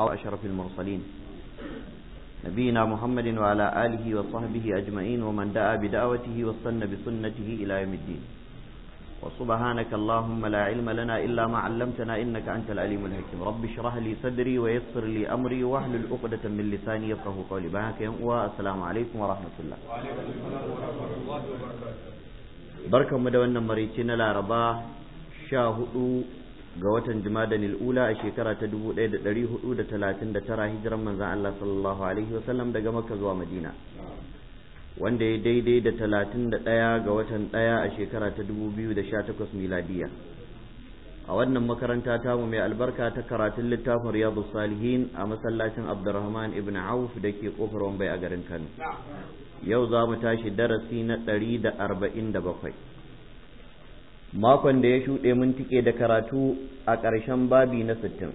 أو أشرف المرسلين نبينا محمد وعلى آله وصحبه أجمعين ومن دعا بدعوته واستنى بسنته إلى يوم الدين وسبحانك اللهم لا علم لنا إلا ما علمتنا إنك أنت العليم الحكيم رب اشرح لي صدري ويسر لي أمري واحلل عقدة من لساني يفقه قولي بهاك والسلام عليكم ورحمة الله وعليكم السلام ورحمة الله وبركاته بركة مدونة مريتنا لاربا شاهدوا ga watan jumadanil ula a shekara ta 1439 hijiran manzan Allah sallallahu alaihi wasallam daga makka zuwa madina wanda ya daidai da da ɗaya ga watan ɗaya a shekara ta da sha 2018 miladiya a wannan makaranta ta mu mai albarka ta karatun littafin riyadu salihin a masallacin abdurrahman ibn auf da ke kofar wambai a garin kano yau za mu tashi darasi na ɗari da bakwai. makon da ya shuɗe mun tike da karatu a ƙarshen babi na sittin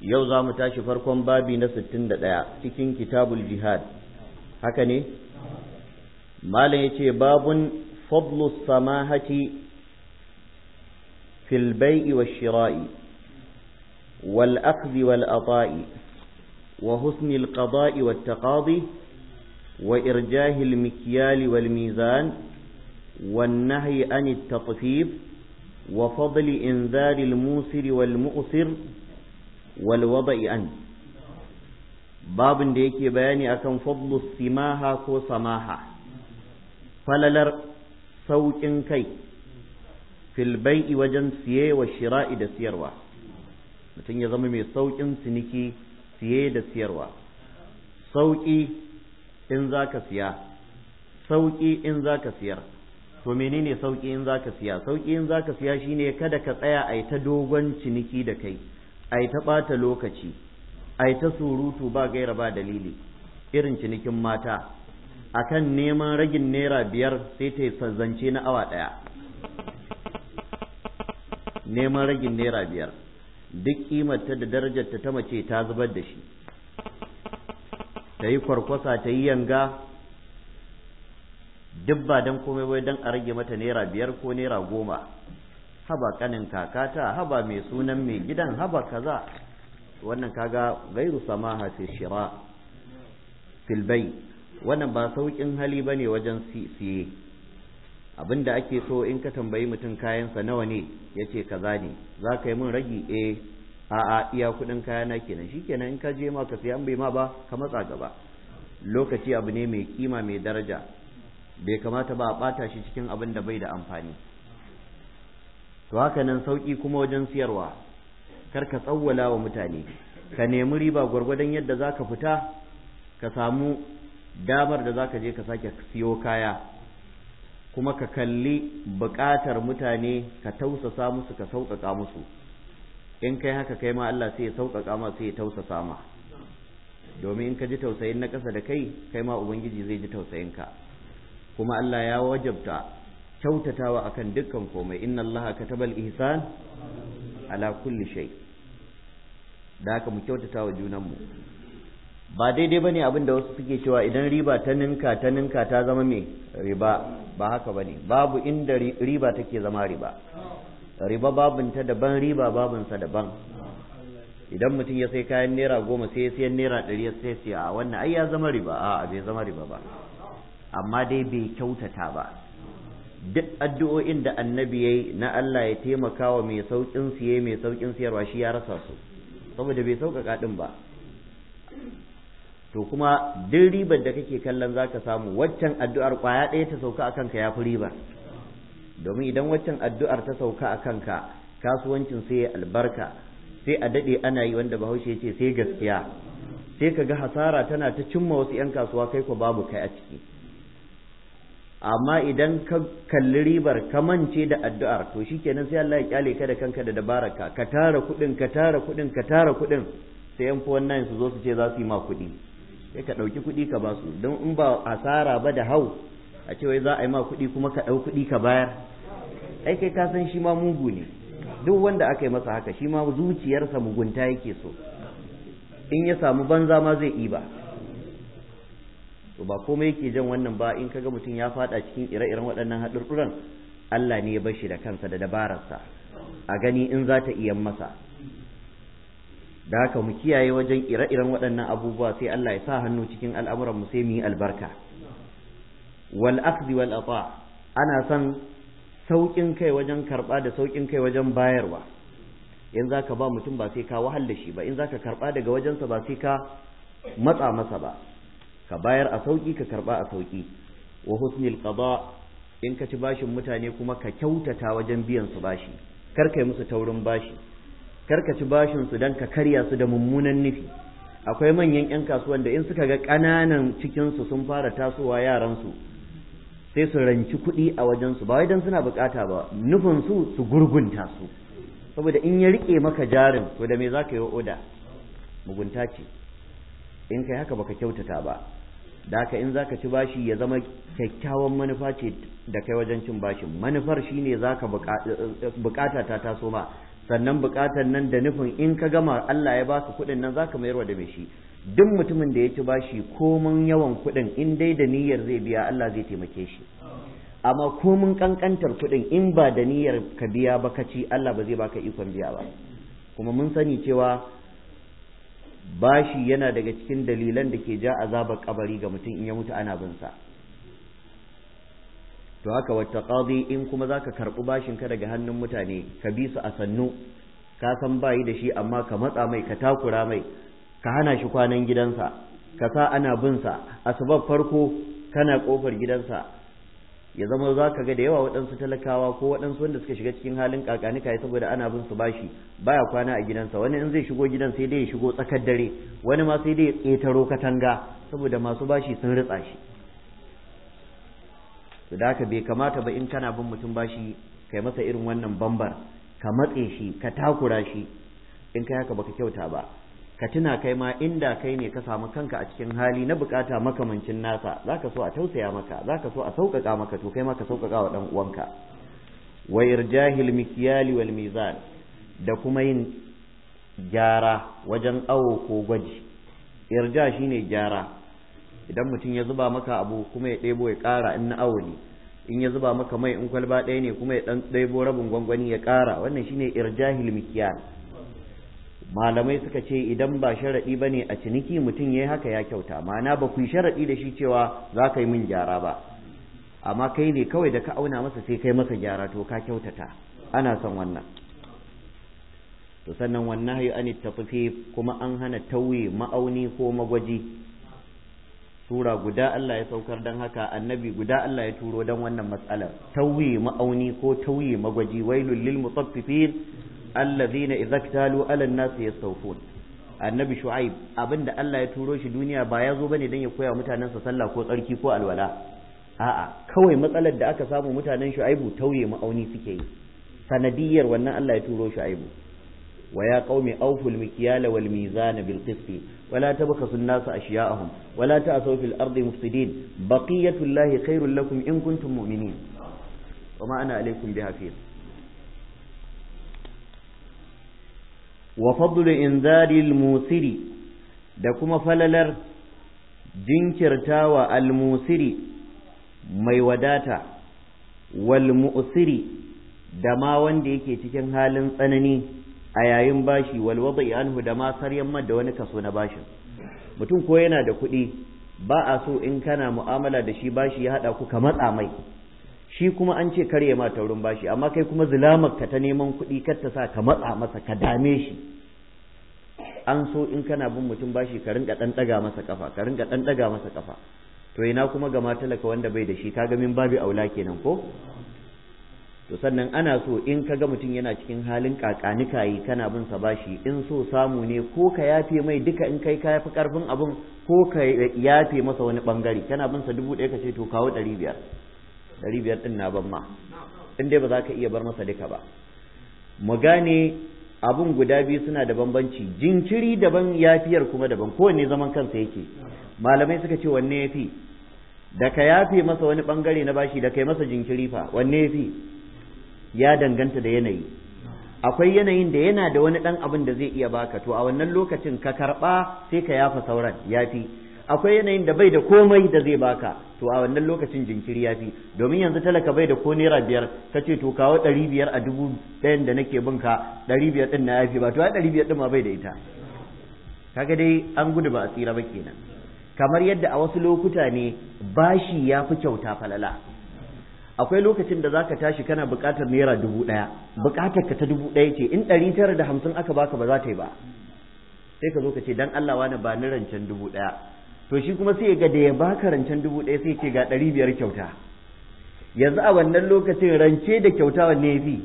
yau za mu tashi farkon babi na sittin da ɗaya cikin kitabul jihad haka ne malam ya ce babun fadlus samahati fil bai'i wa shira'i wal akhdhi wal ata'i wa husnil qada'i wat taqadi wa irjahil mikyali wal mizan والنهي عن التطفيف وفضل إنذار الموسر والمؤسر والوضع عنه babin da yake bayani akan fadlu simaha ko samaha falalar sauƙin kai fil bai'i wajen siye wa shira'i da siyarwa mutum ya zama mai sauƙin siniki siye da siyarwa sauƙi in za ka siya sauƙi in za ka siyar to menene sauƙi in zaka siya sauki in zaka siya shine kada ka tsaya ai ta dogon ciniki da kai ai ta bata lokaci ai ta surutu ba gaira ba dalili irin cinikin mata akan neman ragin naira biyar sai ta zance na awa ɗaya neman ragin naira biyar duk ta da darajarta ta mace ta zubar da shi ta yi kwarkwasa ta yi yanga duk ba dan komai bai dan a rage mata naira biyar ko naira goma haba kanin kakata haba mai sunan mai gidan haba kaza wannan kaga gairu samaha fi shira fil bay wannan ba saukin hali ba ne wajen siye abinda ake so in ka tambayi mutum kayansa nawa ne yace kaza ne za ka yi min ragi eh a'a iya kudin kayana kenan shikenan in ka je ma ka an bai ma ba ka matsa gaba lokaci abu ne mai kima mai daraja bai kamata ba a ɓata shi cikin abin da bai da amfani to haka nan sauƙi kuma wajen siyarwa kar ka tsawwala wa mutane ka nemi riba gwargwadon yadda za ka fita ka samu damar da za ka je ka sake siyo kaya kuma ka kalli buƙatar mutane ka tausasa musu ka sauƙaƙa musu in kai haka kai ma Allah sai ya sauƙaƙa ma sai ya tausasa ma domin in ka ji tausayin na ƙasa da kai kai ma ubangiji zai ji tausayin ka kuma Allah ya wajabta kyautatawa akan dukkan komai inna Allah katabal ihsan ala kulli shay da haka mu kyautatawa junanmu ba daidai bane abin da wasu suke cewa idan riba ta ninka ta ninka ta zama me riba ba haka bane babu inda riba take zama riba riba ta daban riba sa daban idan mutum ya sai kayan naira goma sai ya siyan naira ɗari ya sai siya a wannan ai ya zama riba a bai zama riba ba amma dai bai kyautata ba duk addu'o'in da annabi yayi na Allah ya taimaka wa mai saukin siye mai saukin siyarwa shi ya rasa su saboda bai sauƙaƙa din ba to kuma duk ribar da kake kallon zaka samu waccan addu'ar kwaya ɗaya ta sauka a kanka ya fi riba domin idan waccan addu'ar ta sauka a kanka kasuwancin sai ya albarka sai a daɗe ana yi wanda bahaushe ya ce sai gaskiya sai ka ga hasara tana ta cimma wasu 'yan kasuwa kai ko babu kai a ciki amma idan ka kalli ribar ka mance da addu'ar to shikenan sai Allah ya kyale ka da kanka da dabaraka ka tara kuɗin ka tara kuɗin ka tara kuɗin sai yan wannan su zo su ce za su yi ma kuɗi sai ka ɗauki kuɗi ka ba su don in ba asara ba da hau a ce wai za a yi ma kuɗi kuma ka ɗau kuɗi ka bayar ai kai ka san shi ma mugu ne duk wanda aka yi masa haka shi ma zuciyarsa mugunta yake so in ya samu banza ma zai iba to ba komai yake jan wannan ba in kaga mutum ya fada cikin ire-iren waɗannan haɗurɗuran Allah ne ya bar shi da kansa da dabararsa a gani in za ta iya masa da haka mu kiyaye wajen ire-iren waɗannan abubuwa sai Allah ya sa hannu cikin al'amuran mu sai mu yi albarka wal akhdhi wal ata ana son saukin kai wajen karba da saukin kai wajen bayarwa in zaka ba mutum ba sai ka wahal da shi ba in zaka karba daga wajensa ba sai ka matsa masa ba ka bayar a sauki ka karba a sauki wa husnil qada in ka ci bashin mutane kuma ka kyautata wajen biyan su bashi kar kai musu taurin bashi kar ka ci bashin su dan ka karya su da mummunan nufi akwai manyan yan kasuwan da in suka ga ƙananan cikin su sun fara tasowa yaran su sai su ranci kuɗi a wajen su ba wai dan suna bukata ba nufin su su gurgunta su saboda in ya rike maka jarin to da me zaka yi oda mugunta ce in kai haka baka kyautata ba da haka in zaka ci bashi ya zama kyakkyawan manufa ce da kai wajen cin bashi manufar shine zaka bukata ta taso ma sannan bukatar nan da nufin in ka gama Allah ya baka kuɗin nan zaka mayarwa da mai shi duk mutumin da ya ci bashi komin yawan kuɗin in dai da niyyar zai biya Allah zai taimake shi amma komin kankantar kuɗin in ba da niyyar ka biya ba ka ci Allah ba zai baka ikon biya ba kuma mun sani cewa bashi yana daga cikin dalilan da ke ja azabar kabari ga mutum in ya mutu ana bin sa to haka wata qadi in kuma zaka karɓi bashin ka daga hannun mutane ka bi su a sannu ka san bayi da shi amma ka matsa mai ka takura mai ka hana shi kwanan gidansa ka sa ana bin sa asbab farko kana kofar gidansa ya zama za ka ga da yawa waɗansu talakawa ko waɗansu wanda suka shiga cikin halin kakanika ya saboda ana bin su bashi baya kwana a gidansa wani in zai shigo gidan sai dai ya shigo tsakar dare wani ma sai dai ya tsetaro katanga saboda masu bashi sun ritsa shi su da bai kamata ba in kana bin mutum bashi kai masa irin wannan bambar ka matse shi ka takura shi in kai haka baka kyauta ba ka tuna kai ma inda kai ne ka samu kanka a cikin hali na bukata makamancin nasa za ka so a tausaya maka za ka so a sauƙaƙa maka to kai ma ka sauƙaƙa wa ɗan uwanka wa irjahil mikyali wal mizan da kuma yin gyara wajen awo ko gwaji irja shine gyara idan mutum ya zuba maka abu kuma ya ɗebo ya ƙara in na awo ne in ya zuba maka mai in kwalba ɗaya ne kuma ya ɗan ɗebo rabin gwangwani ya ƙara wannan shine irjahil mikyal malamai suka ce idan ba sharaɗi ba ne a ciniki mutum ya yi haka ya kyauta ma'ana ba ku yi sharaɗi da shi cewa za ka yi min gyara ba amma kai ne kawai da ka auna masa sai kai masa gyara to ka kyautata ana son wannan to sannan wannan hayu an tafi kuma an hana tauye ma'auni ko magwaji sura guda Allah ya saukar don haka annabi guda Allah ya turo don wannan matsalar tauye ma'auni ko tauye magwaji wailul lil mutaffifin allazina idza ktalu nasi yastawfun annabi shu'aib abinda Allah ya turo shi duniya ba ya zo bane dan ya koya sa sallah ko tsarki ko alwala a'a kawai matsalar da aka samu mutanen shu'aibu tauye ma'auni suke yi sanadiyar wannan Allah ya turo shu'aibu wa ya qaumi awful mikyala wal mizana bil qisti wa la tabkhasu an-nasa ashya'ahum wa la ta'thaw fil ardi mufsidin baqiyatu llahi khairul lakum in kuntum mu'minin wa ma ana alaykum bihafiz wa fadlu inzari musiri da kuma falalar jinkirtawa al-musiri mai wadata wal mu'siri da ma wanda yake cikin halin tsanani a yayin bashi wal wada'i anhu da ma saryan da wani kaso na bashin mutum ko yana da kuɗi ba a so in kana mu'amala da shi bashi ya haɗa ku ka matsa mai shi kuma an ce karye ma taurin bashi amma kai kuma zulamar ka ta neman kuɗi kar ta sa ka matsa masa ka dame shi an so in kana bin mutum bashi ka rinka ɗan ɗaga masa kafa ka rinka ɗan ɗaga masa kafa to ina kuma ga matalaka wanda bai da shi kaga min babi aula kenan ko to sannan ana so in ka ga mutum yana cikin halin kakanika yi kana bin sa bashi in so samu ne ko ka yafe mai duka in kai ka yafi karfin abin ko ka yafe masa wani bangare kana bin sa dubu ɗaya ka ce to kawo ɗari biyar ɗari biyar ɗin na ban ma in dai ba za ka iya bar masa duka ba mu gane abun guda biyu suna da bambanci jinkiri daban yafiyar kuma daban kowanne zaman kansa yake malamai suka ce wanne ya fi da ka yafe masa wani bangare na bashi da kai masa jinkiri fa wanne ya fi ya danganta da yanayi akwai yanayin da yana da wani ɗan abin da zai iya baka to a wannan lokacin ka karɓa sai ka yafa sauran yafi akwai yanayin da bai da komai da zai baka to a wannan lokacin jinkiri ya fi domin yanzu talaka bai da ko naira biyar ka ce to kawo ɗari biyar a dubu ɗayan da nake bin ka ɗari biyar ɗin na ya fi ba to ya ɗari biyar ɗin ma bai da ita kaga dai an gudu ba a tsira ba kenan kamar yadda a wasu lokuta ne bashi ya fi kyauta falala akwai lokacin da zaka tashi kana buƙatar naira dubu ɗaya buƙatar ka ta dubu ɗaya ce in ɗari tara da hamsin aka baka ba za ta yi ba sai ka zo ka ce dan Allah wani ba ni rancen dubu ɗaya to shi kuma sai ga da ya ba ka rancen dubu ɗaya sai ce ga ɗari biyar kyauta yanzu a wannan lokacin rance da kyauta wanne ya fi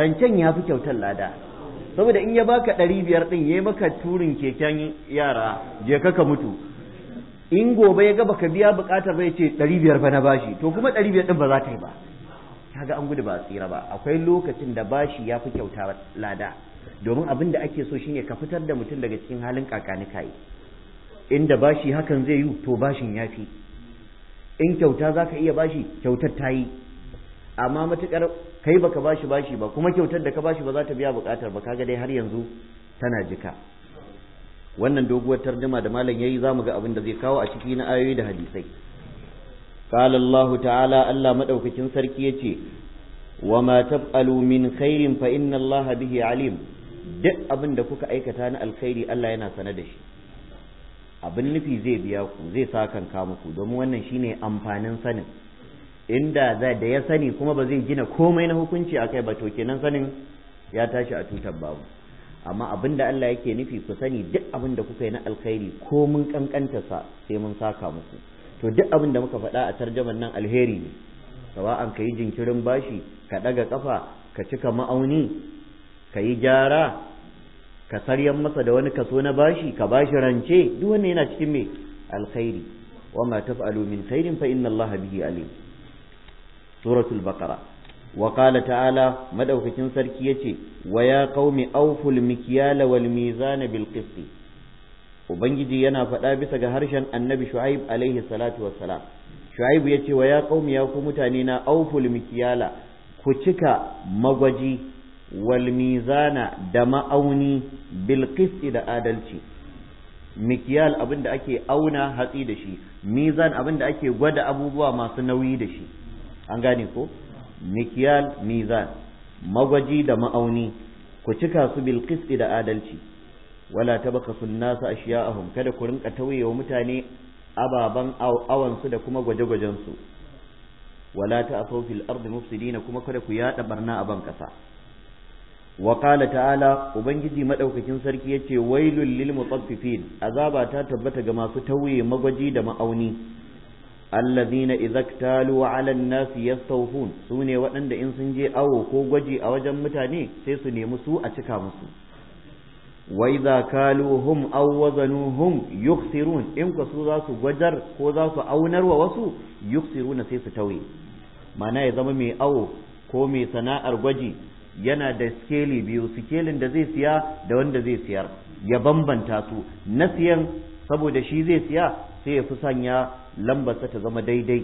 rancen ya fi kyautar lada saboda in ya baka ɗari biyar ɗin ya yi maka turin keken yara je ka mutu in gobe ya ga baka biya bukatar bai ce ɗari biyar ba na bashi to kuma ɗari biyar ɗin ba za ta yi ba kaga an gudu ba tsira ba akwai lokacin da bashi ya fi kyauta lada domin abin da ake so shine ka fitar da mutum daga cikin halin kakani kayi inda bashi hakan zai yi to bashin ya fi in kyauta za ka iya bashi kyautar ta yi amma matuƙar kai ka bashi bashi ba kuma kyautar da ka bashi ba za ta biya buƙatar ba kaga dai har yanzu tana jika wannan doguwar tarjuma da malam yayi zamu ga abin da zai kawo a ciki na ayoyi da hadisai قال الله تعالى ألا wa سركيتي وما تفعلوا من خير فإن الله به عليم duk abin da kuka aikata na alkhairi Allah yana sane da shi abin nufi zai biya ku zai sa kanka muku domin wannan shine amfanin sanin inda za da ya sani kuma ba zai gina komai na hukunci a kai ba to kenan sanin ya tashi a tutar babu amma abin da Allah yake nufi ku sani duk abin da kuka yi na alkhairi ko mun kankanta sa sai mun saka muku to duk abin da muka faɗa a tarjaman nan alheri ne sawa'an ka yi jinkirin bashi ka ɗaga kafa ka cika ma'auni ka yi gyara ka saryan masa da wani kaso na bashi ka bashi rance duk yana cikin me alkhairi wa ma taf'alu min khairin fa inna allaha bihi alim suratul baqara wa qala ta'ala madaukakin sarki yace wa ya qaumi awful mikyala wal mizana bil qist ubangiji yana faɗa bisa ga harshen annabi shu'aib Alayhi salatu wassalam shu'aib yace wa ya qaumi ya ku mutane na awful mikyala ku cika magwaji wal mizana da ma'auni bil da adalci mikiyal abinda ake auna hatsi da shi mizan abinda ake gwada abubuwa masu nauyi da shi an gane ko mikiyal mizan magwaji da ma'auni ku cika su bil da adalci wala tabakasu nasa ashiya'ahum kada ku rinka tauyewa mutane ababan awansu da kuma gwaje-gwajensu wala ta'asaw fil ardi mufsidina kuma kada ku yada barna a ban kasa wa qala ta'ala ubangiji madaukakin sarki yace wailul lil mutaffifin azaba ta tabbata ga masu tauye magwaji da ma'auni alladhina idza ktalu 'ala an nas yastawhun sune waɗanda in sun je awo ko gwaji a wajen mutane sai su nemi su a cika musu wa idza kaluhum aw wazanuhum yukhsirun in ka su za su gwajar ko za su aunar wa wasu yukhsiruna sai su tauye mana ya zama mai awo ko mai sana'ar gwaji yana da sikeli biyu sikelin da zai siya da wanda zai siyar ya bambanta su na siyan saboda shi zai siya sai ya fi sanya lambarsa ta zama daidai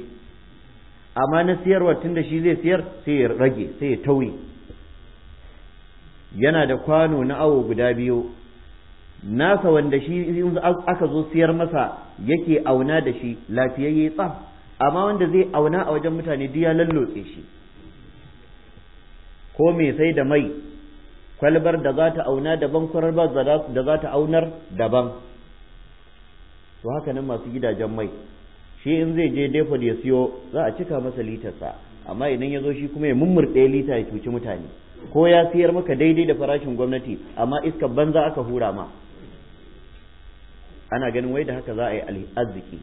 amma na siyarwa tunda shi zai siyar sai ya rage sai ya tauye yana da kwano na awo guda biyu nasa wanda shi aka zo siyar masa yake auna da shi lafiyayye tsaf amma wanda zai auna a wajen mutane duk ya lallotse shi ko mai sai da mai kwalbar da za ta auna daban kwalbar da za ta aunar daban to haka nan masu gidajen mai shi in zai je depo ya siyo za a cika masa litarsa amma idan ya zo shi kuma ya ɗaya lita ya cuci mutane ko ya siyar maka daidai da farashin gwamnati amma iska banza aka hura ma ana ganin wai da haka za a yi arziki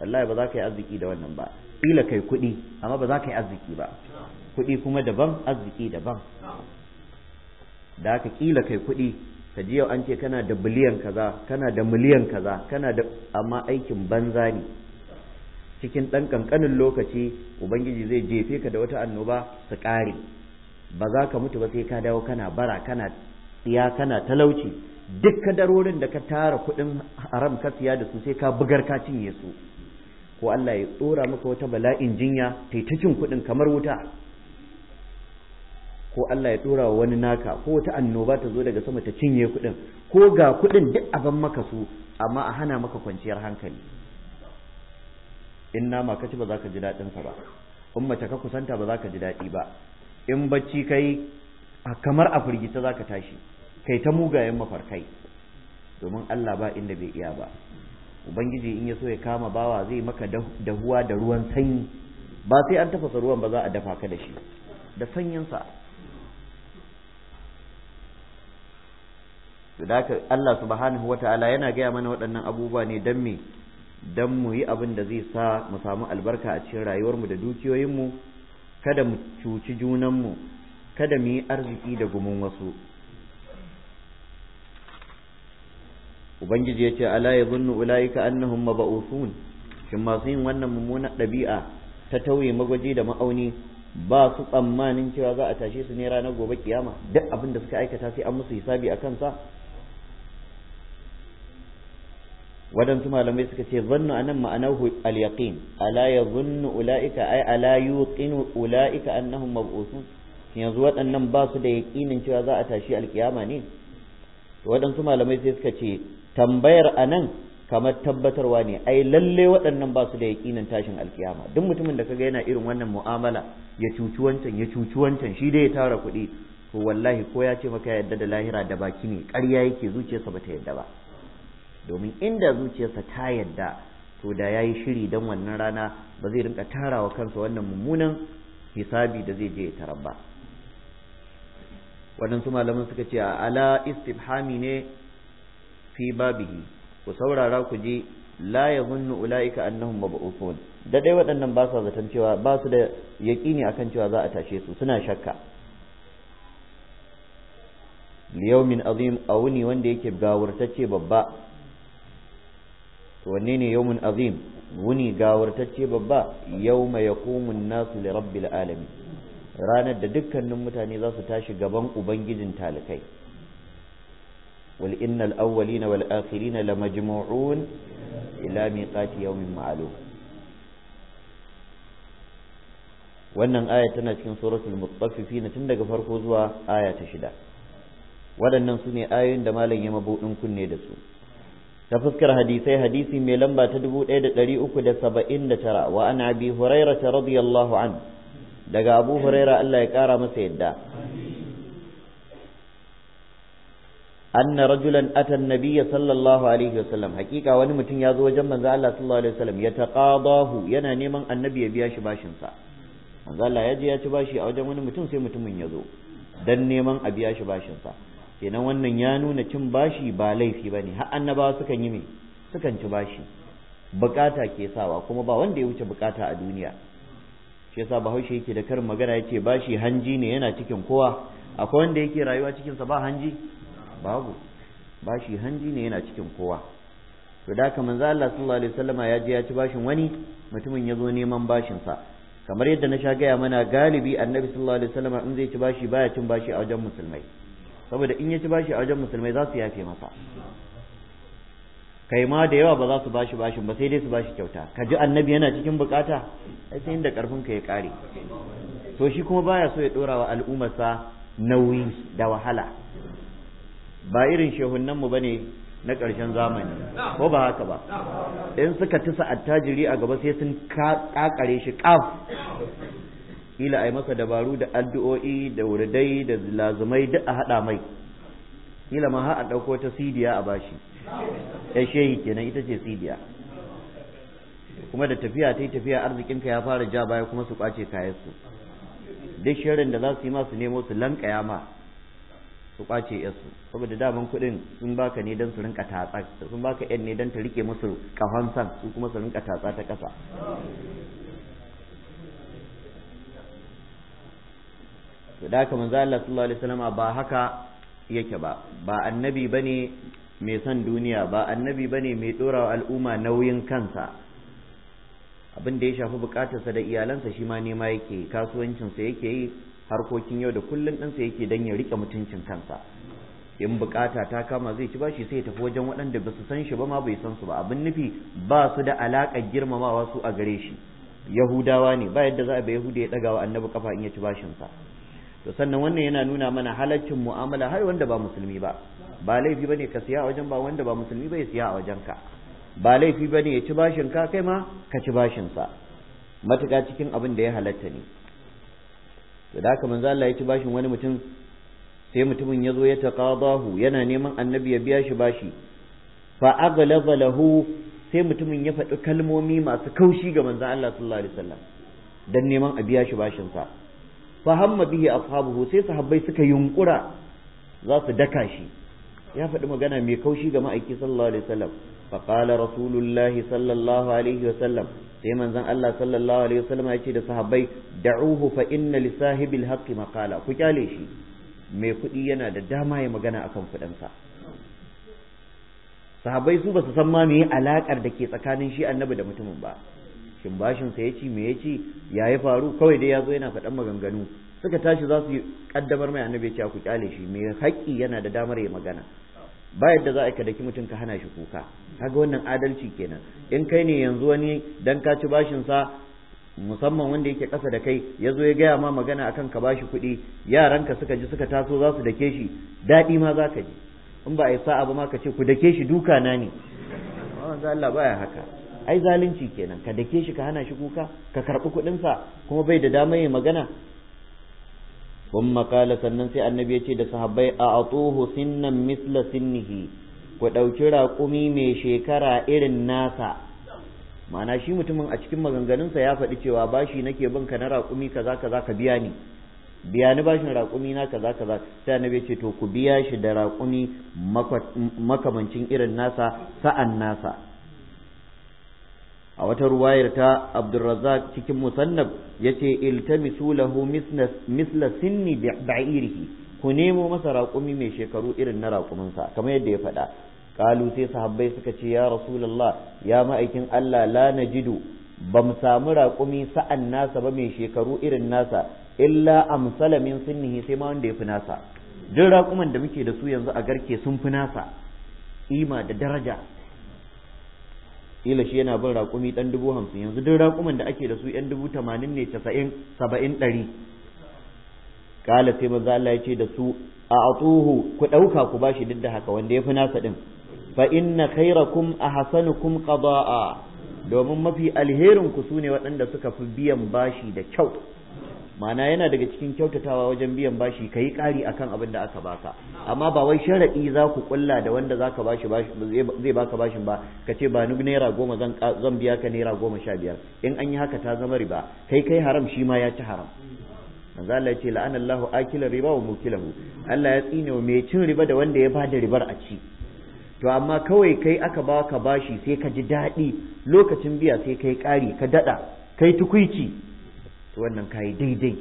wallahi ba za ka yi arziki da wannan ba Ƙila kai kuɗi amma ba za ka yi arziki ba kuɗi kuma daban arziki daban da aka kila kai kuɗi ka ji yau an ce kana da biliyan kaza kana da miliyan kaza kana da amma aikin banza ne cikin ɗan ƙanƙanin lokaci ubangiji zai jefe ka da wata annoba su ƙare ba za ka mutu ba sai ka dawo kana bara kana tsiya kana talauci duk kadarorin da ka tara kuɗin haram ka siya da su sai ka bugar ka cinye su ko Allah ya tsora maka wata bala'in jinya ta cin kuɗin kamar wuta ko Allah ya dora wani naka ko wata annoba ta zo daga sama ta cinye kuɗin ko ga kuɗin duk a maka su amma a hana maka kwanciyar hankali in nama ka ci ba za ka ji daɗin ba in mace ka kusanta ba za ka ji daɗi ba in bacci kai a kamar a firgita za ka tashi kai ta mugayen mafarkai domin Allah ba inda bai iya ba ubangiji in ya so ya kama bawa zai maka dahuwa da ruwan sanyi ba sai an tafasa ruwan ba za a dafa ka da shi da sanyinsa to da haka Allah subhanahu wataala yana gaya mana waɗannan abubuwa ne dan me dan mu yi abin da zai sa mu samu albarka a cikin rayuwarmu da dukiyoyinmu kada mu cuci junanmu kada mu yi arziki da gumin wasu ubangiji ya ce ala ya zunnu ula'ika annahum maba'usun shin masu yin wannan mummunar ɗabi'a ta tauye magwaji da ma'auni ba su tsammanin cewa za a tashe su ne ranar gobe kiyama duk abin da suka aikata sai an musu hisabi a kansa waɗansu malamai suka ce zannu anan ma'anahu al-yaqin ala ulaika ay ala yuqinu ulaika annahum mab'usun yanzu waɗannan ba su da yaqinin cewa za a tashi alkiyama ne to waɗansu malamai sai suka ce tambayar anan kamar tabbatarwa ne ai lalle waɗannan ba su da yaqinin tashin alkiyama duk mutumin da kaga yana irin wannan mu'amala ya cuci wancan ya cuci wancan shi dai ya tara kuɗi to wallahi ko ya ce maka yadda da lahira da baki ne ƙarya yake zuciyarsa ta yadda ba domin inda zuciyarsa ta yadda to da ya shiri dan wannan rana ba zai rinka tara wa kansa wannan mummunan hisabi da zai je ya tarar ba waɗansu malaman suka ce a ala istifhami ne fi babihi ku saurara ku ji la yazunnu ulaika annahum mab'uthun da dai waɗannan ba su zaton cewa ba su da yaƙini akan cewa za a tashe su suna shakka liyaumin azim awuni wanda yake gawurtacce babba to wanne ne yawmin azim wuni gawartacce babba yawma yaqumu an-nasu li rabbil alamin ranar da dukkanin mutane za su tashi gaban ubangijin talikai wal innal awwalina wal akhirina lamajmu'un ila miqati yawmin ma'lum wannan aya tana cikin suratul mutaffifin tun daga farko zuwa aya ta shida waɗannan su ne ayoyin da malam ya mabuɗin kunne da su ta fuskar hadisai hadisi mai lamba ta dubu da tara wa an abi tara radiyallahu an daga abu huraira Allah ya kara masa yadda أن رجلا أتى النبي صلى wani mutum ya zo wajen متن يازو sallallahu alaihi صلى الله عليه وسلم يتقاضاه ينا نيما النبي يبيا شباشن سا manzo Allah ya je ya ci bashi a wajen wani mutum sai mutumin ya zo dan neman a biya shi bashin sa kenan wannan ya nuna cin bashi ba laifi ba ne har annabawa sukan yi me sukan ci bashi bukata ke sawa kuma ba wanda ya wuce bukata a duniya shi yasa bahaushe yake da karin magana yace bashi hanji ne yana cikin kowa akwai wanda yake rayuwa cikin sa ba hanji babu bashi hanji ne yana cikin kowa to da haka manzo Allah sallallahu alaihi wasallama ya je ya ci bashin wani mutumin ya zo neman bashin sa kamar yadda na sha gaya mana galibi annabi sallallahu alaihi wasallama in zai ci bashi baya cin bashi a wajen musulmai saboda in ya ci bashi a wajen musulmai za su yafe masa kai ma da yawa ba za su bashi bashin ba sai dai su bashi kyauta ka ji annabi yana cikin bukata sai inda karfin ka ya kare to shi kuma baya so ya dora wa al'ummarsa nauyi da wahala ba irin shehunnanmu ba ne na ƙarshen zamani ko ba haka ba in suka tusa attajiri a gaba sai sun kakare shi kaf kila a yi masa dabaru da addu'o'i da wuridai da lazumai duk a haɗa mai kila ma a ɗauko ta sidiya a bashi ya shehi kenan ita ce sidiya kuma da tafiya ta yi tafiya ka ya fara ja baya kuma su kwace kayansu duk shirin da za su yi ma su nemo su lankaya ma su kwace yasu saboda daman kuɗin sun baka ne don su rinka tatsa sun baka yan ne don ta rike musu kafan san su kuma su rinka tatsa ta ƙasa to da haka manzo Allah sallallahu alaihi wasallam ba haka yake ba ba annabi bane mai son duniya ba annabi bane mai dora wa al'umma nauyin kansa abin da ya shafi bukatarsa da iyalansa shi ma nema yake kasuwancinsa yake yi harkokin yau da kullun sa yake dan ya rike mutuncin kansa in bukata ta kama zai ci bashi sai ya tafi wajen waɗanda ba su san shi ba ma bai san su ba abin nufi ba su da alaƙar girmamawa su a gare shi yahudawa ne ba yadda za a bai yahuda ya ɗaga wa annabi kafa in ya ci bashinsa to sannan wannan yana nuna mana halaccin mu'amala har wanda ba musulmi ba ba laifi bane ka siya a wajen ba wanda ba musulmi ba ya siya a wajen ka ba laifi bane ya ci bashin ka kai ma ka ci bashin sa matuƙa cikin abin da ya halatta ne to da haka manzo Allah ya ci bashin wani mutum sai mutumin ya zo ya taqadahu yana neman annabi ya biya shi bashi fa aghlaba lahu sai mutumin ya faɗi kalmomi masu kaushi ga manzo Allah sallallahu alaihi wasallam dan neman a biya shi bashin sa fa hamma bihi ashabuhu sai sahabbai suka yunkura za su daka shi ya faɗi magana mai kaushi ga ma'aiki sallallahu alaihi wasallam fa rasulullah sallallahu alaihi wasallam sai manzon Allah sallallahu alaihi wasallam ya ce da sahabbai da'uhu fa inna li sahibil haqqi maqala ku kyale shi mai kuɗi yana da dama ya magana akan kuɗinsa sahabbai su ba su san ma meye alakar da ke tsakanin shi annabi da mutumin ba shin bashin sa yaci me yaci ya yi faru kawai dai ya zo yana faɗan maganganu suka tashi za su kaddamar mai annabi ya ku kyale shi me haƙƙi yana da damar ya magana ba yadda za a ka daki mutum ka hana shi kuka kaga wannan adalci kenan in kai ne yanzu wani dan ka ci bashin sa musamman wanda yake kasa da kai ya zo ya gaya ma magana akan ka bashi kuɗi Yaran ka suka ji suka taso za su dake shi daɗi ma za ka ji in ba a yi sa'a ba ma ka ce ku dake shi duka na ne Allah baya haka ai zalunci kenan ka dake shi ka hana shi kuka ka karɓi kuɗinsa kuma bai da dama yin magana Kun makala sannan sai annabi ya ce da sahabbai a atuhu sinnan misla sinnihi ku ɗauki raƙumi mai shekara irin nasa ma'ana shi mutumin a cikin maganganunsa ya faɗi cewa bashi nake bin ka na raƙumi kaza kaza ka biya ni biya ni bashin raƙumi na kaza kaza sai annabi ya ce to ku biya shi da raƙumi makamancin irin nasa sa'an nasa a wata ruwayar ta Abdurrazzaq cikin musannab yace iltamisu lahu misla sinni ba'irihi ku nemo masa raƙumi mai shekaru irin na sa kamar yadda ya faɗa kalu sai sahabbai suka ce ya rasulullah ya ma'aikin Allah la najidu ba mu samu raƙumi sa'an nasa ba mai shekaru irin nasa illa amsala min sinnihi sai ma wanda ya fi nasa duk raƙuman da muke da su yanzu a garke sun fi nasa ima da daraja kila shi yana bin raƙumi ɗan dubu hamsin yanzu duk raƙuman da ake da su yan dubu tamanin ne casa'in saba'in ɗari kala sai manzo Allah ya ce da su a atuhu ku ɗauka ku bashi duk da haka wanda ya fi nasa ɗin fa inna khairakum kum qada'a domin mafi alherinku ku sune waɗanda suka fi biyan bashi da kyau ma'ana yana daga cikin kyautatawa wajen biyan bashi ka yi ƙari a kan abin da aka baka amma ba wai sharaɗi za ku ƙulla da wanda za ka bashi zai baka bashin ba ka ce ba naira goma zan biya ka naira goma sha biyar in an yi haka ta zama riba kai kai haram shi ma ya ci haram manzo Allah ya ce la'anallahu akila riba wa mukilahu Allah ya tsine wa mai cin riba da wanda ya bada ribar a ci to amma kawai kai aka baka bashi sai ka ji daɗi lokacin biya sai kai ƙari ka daɗa kai tukuici to wannan kayi daidai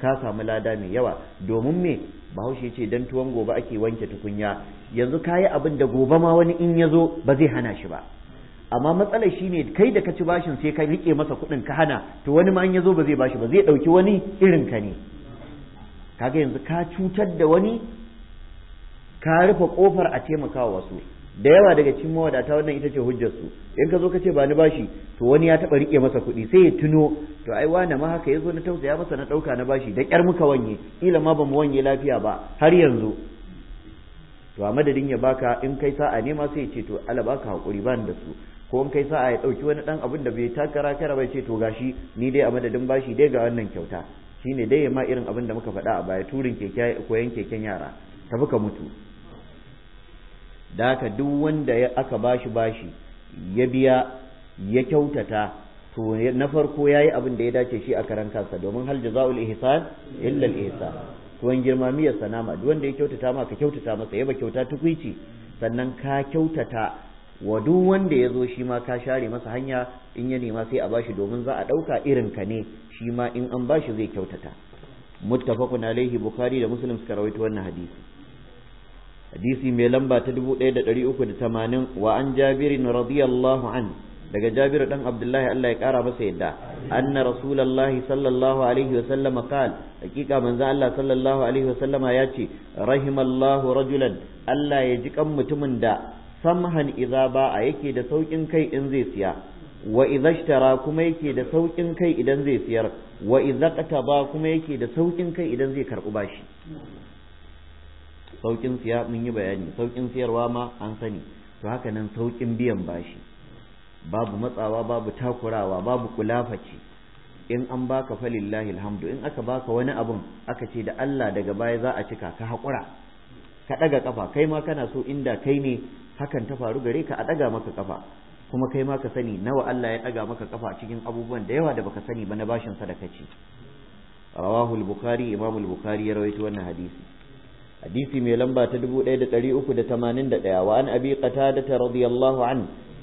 ka samu lada mai yawa domin me bahaushe ce dan tuwon gobe ake wanke tukunya yanzu kayi abin da gobe ma wani in ya zo ba zai hana shi ba amma matsalar ne kai da ka ci bashin sai ka rike masa kuɗin ka hana to wani ma in ya zo ba zai bashi ba zai ɗauki wani irin ka ne kaga yanzu ka cutar da wani ka rufe kofar a taimaka wasu da yawa daga cikin mawadata wannan ita ce hujjarsu in ka zo ka ce ba ni bashi to wani ya taba rike masa kuɗi sai ya tuno to ai wani ma haka ya zo na tausaya masa na ɗauka na bashi da ƙyar muka wanye ila ma ba mu wanye lafiya ba har yanzu to a madadin ya baka in kai sa'a ne ma sai ya ce to ala baka haƙuri ba da su ko in kai sa'a ya ɗauki wani ɗan abin da bai takara kara ba ce to gashi ni dai a madadin bashi dai ga wannan kyauta shine dai ya ma irin abin da muka faɗa a baya turin keke koyan keken yara tafi ka mutu da haka duk wanda aka bashi bashi ya biya ya kyautata to na farko yayi abin da ya dace shi a karan kansa domin hal jazaul ihsan illa al ihsan tuwon girma miyar sanama duk wanda ya kyautata ma ka kyautata masa ya ba kyauta tukuici sannan ka kyautata wa duk wanda ya zo shi ma ka share masa hanya in ya nema sai a bashi domin za a ɗauka irin ka ne shi ma in an bashi zai kyautata muttafaqun alaihi bukhari da muslim suka rawaito wannan hadisi hadisi mai lamba ta dubu da tamanin wa an jabirin radiyallahu an daga jabiru dan abdullahi Allah ya kara masa yadda anna rasulallahi sallallahu alaihi wa sallama qal hakika manzo Allah sallallahu alaihi wa sallama ya ce rahimallahu rajulan Allah ya ji kan mutumin da samhan idza ba'a yake da saukin kai in zai siya wa kuma yake da saukin kai idan zai siyar wa idza kuma yake da saukin kai idan zai karbu bashi saukin siya mun yi bayani saukin siyarwa ma an sani to haka nan saukin biyan bashi babu matsawa babu takurawa babu kulafaci in an baka falillahi alhamdu in aka baka wani abun aka ce da Allah daga baya za a cika ka hakura ka ɗaga kafa kai ma kana so inda kai ne hakan ta faru gare ka a ɗaga maka kafa kuma kai ma ka sani nawa Allah ya ɗaga maka kafa cikin abubuwan da yawa da baka sani ba na bashin sadaka ce rawahu al-bukhari imam al-bukhari ya rawaito wannan hadisi hadisi mai lamba ta dubu da 1381 wa an abi qatada radiyallahu an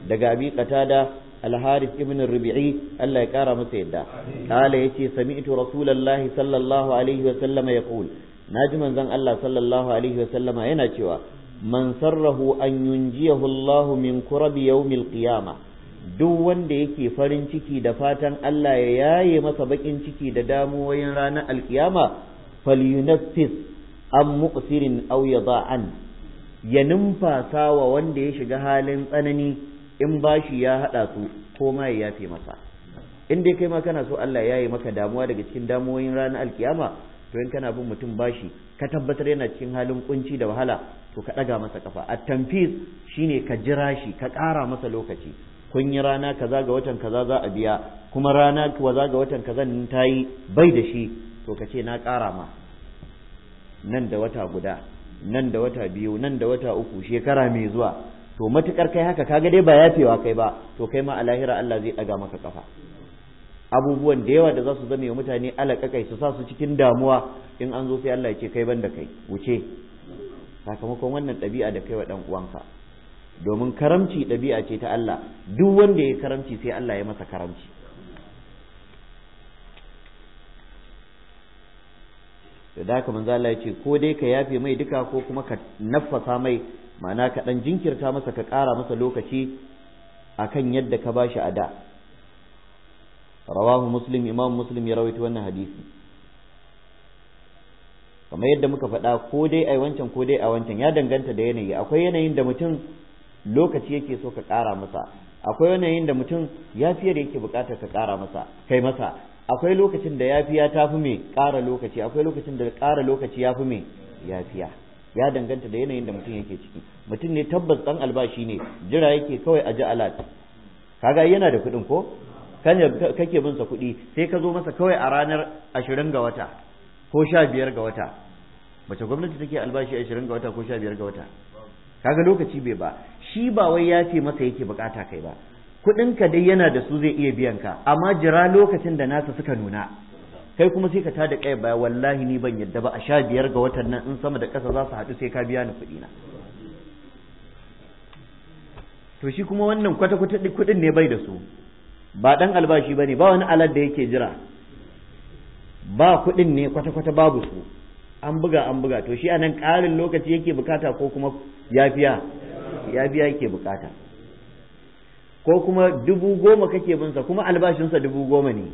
daga abi qatada al-harith ibn rubi'i Allah ya kara masa yadda kala yace sami'tu rasulullahi sallallahu alaihi wa sallama yaqul naji manzon Allah sallallahu alaihi wa sallama yana cewa man sarrahu an yunjiyahu Allah min kurabi yawmil qiyamah duk wanda yake farin ciki da fatan Allah ya yaye masa bakin ciki da damuwoyin ranar alkiyama falyunaffis an muqsirin aw yada'an ya numfasa wa wanda ya shiga halin tsanani in bashi ya haɗa su ko ma ya yafe masa in dai kai ma kana so Allah ya yi maka damuwa daga cikin damuwoyin ranar alkiyama to in kana bin mutum bashi ka tabbatar yana cikin halin kunci da wahala to ka ɗaga masa kafa at tanfiz shine ka jira shi ka kara masa lokaci kun yi rana kaza ga watan kaza za a biya kuma rana kaza ga watan kaza ta yi bai da shi to ka ce na ƙara ma nan da wata guda nan da wata biyu nan da wata uku shekara mai zuwa to matukar kai haka kaga dai ba yafewa kai ba to kai ma a lahira Allah zai ɗaga maka kafa abubuwan da yawa da za su zame wa mutane alaƙaƙai su sa su cikin damuwa in an zo sai Allah ya ce kai ban da kai wuce sakamakon wannan ɗabi'a da kai wa ɗan uwanka domin karamci ɗabi'a ce ta Allah duk wanda ya karamci sai Allah ya masa karamci to da haka manzo Allah yake ko dai ka yafe mai duka ko kuma ka nafasa mai ma'ana ka dan jinkirta masa ka ƙara masa lokaci akan yadda ka bashi a da rawahu muslim imam muslim ya rawaito wannan hadisi kamar yadda muka faɗa ko dai a wancan ko dai a wancan ya danganta da yanayi akwai yanayin da mutum lokaci yake so ka ƙara masa akwai yanayin da mutum yafiyar yake bukatar ka ƙara masa kai masa akwai lokacin da yafiya ta fi mai ƙara lokaci akwai lokacin da ƙara lokaci ya fi mai yafiya ya danganta da yanayin da mutum yake ciki mutum ne tabbas ɗan albashi ne jira yake kawai a ji alat kaga yana da kuɗin ko kake bin sa kuɗi sai ka zo masa kawai a ranar ashirin ga wata ko sha biyar ga wata mace gwamnati take albashi ashirin ga wata ko sha biyar ga wata kaga lokaci bai ba shi ba wai ya ce masa yake bukata kai ba ka dai yana da su zai iya biyan ka amma jira lokacin da nasa suka nuna kai kuma sai ka tada kai baya wallahi ni ban yadda ba a sha biyar ga watan nan in sama da ƙasa za su haɗu sai ka biya ni kuɗi na to shi kuma wannan kwata kwata kuɗin ne bai da su ba dan albashi bane ba wani alad da yake jira ba kuɗin ne kwata kwata babu su an buga an buga to shi anan ƙarin lokaci yake bukata ko kuma yafiya yafiya yake bukata ko kuma dubu goma kake binsa kuma albashinsa dubu goma ne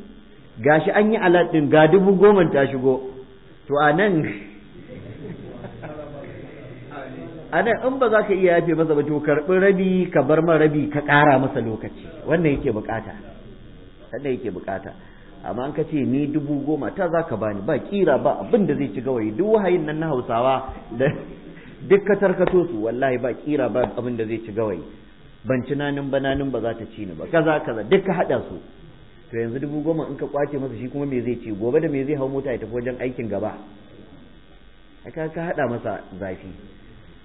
gashi an yi alaɗin ga dubu goman ta shigo to a nan a nan in ba za ka iya yafe masa ba to karɓi rabi ka bar ma rabi ka ƙara masa lokaci wannan yake bukata wannan yake bukata amma an ka ce ni dubu goma ta za ka bani ba kira ba abin da zai ci gawayi duk wahayin nan na hausawa da duk ka tarkato su wallahi ba kira ba abin da zai ci gawayi ban tunanin bananin ba za ta ci ni ba kaza kaza duk ka su to yanzu dubu goma in ka kwace masa shi kuma me zai ci gobe da me zai hau mota ya tafi wajen aikin gaba aka ka haɗa masa zafi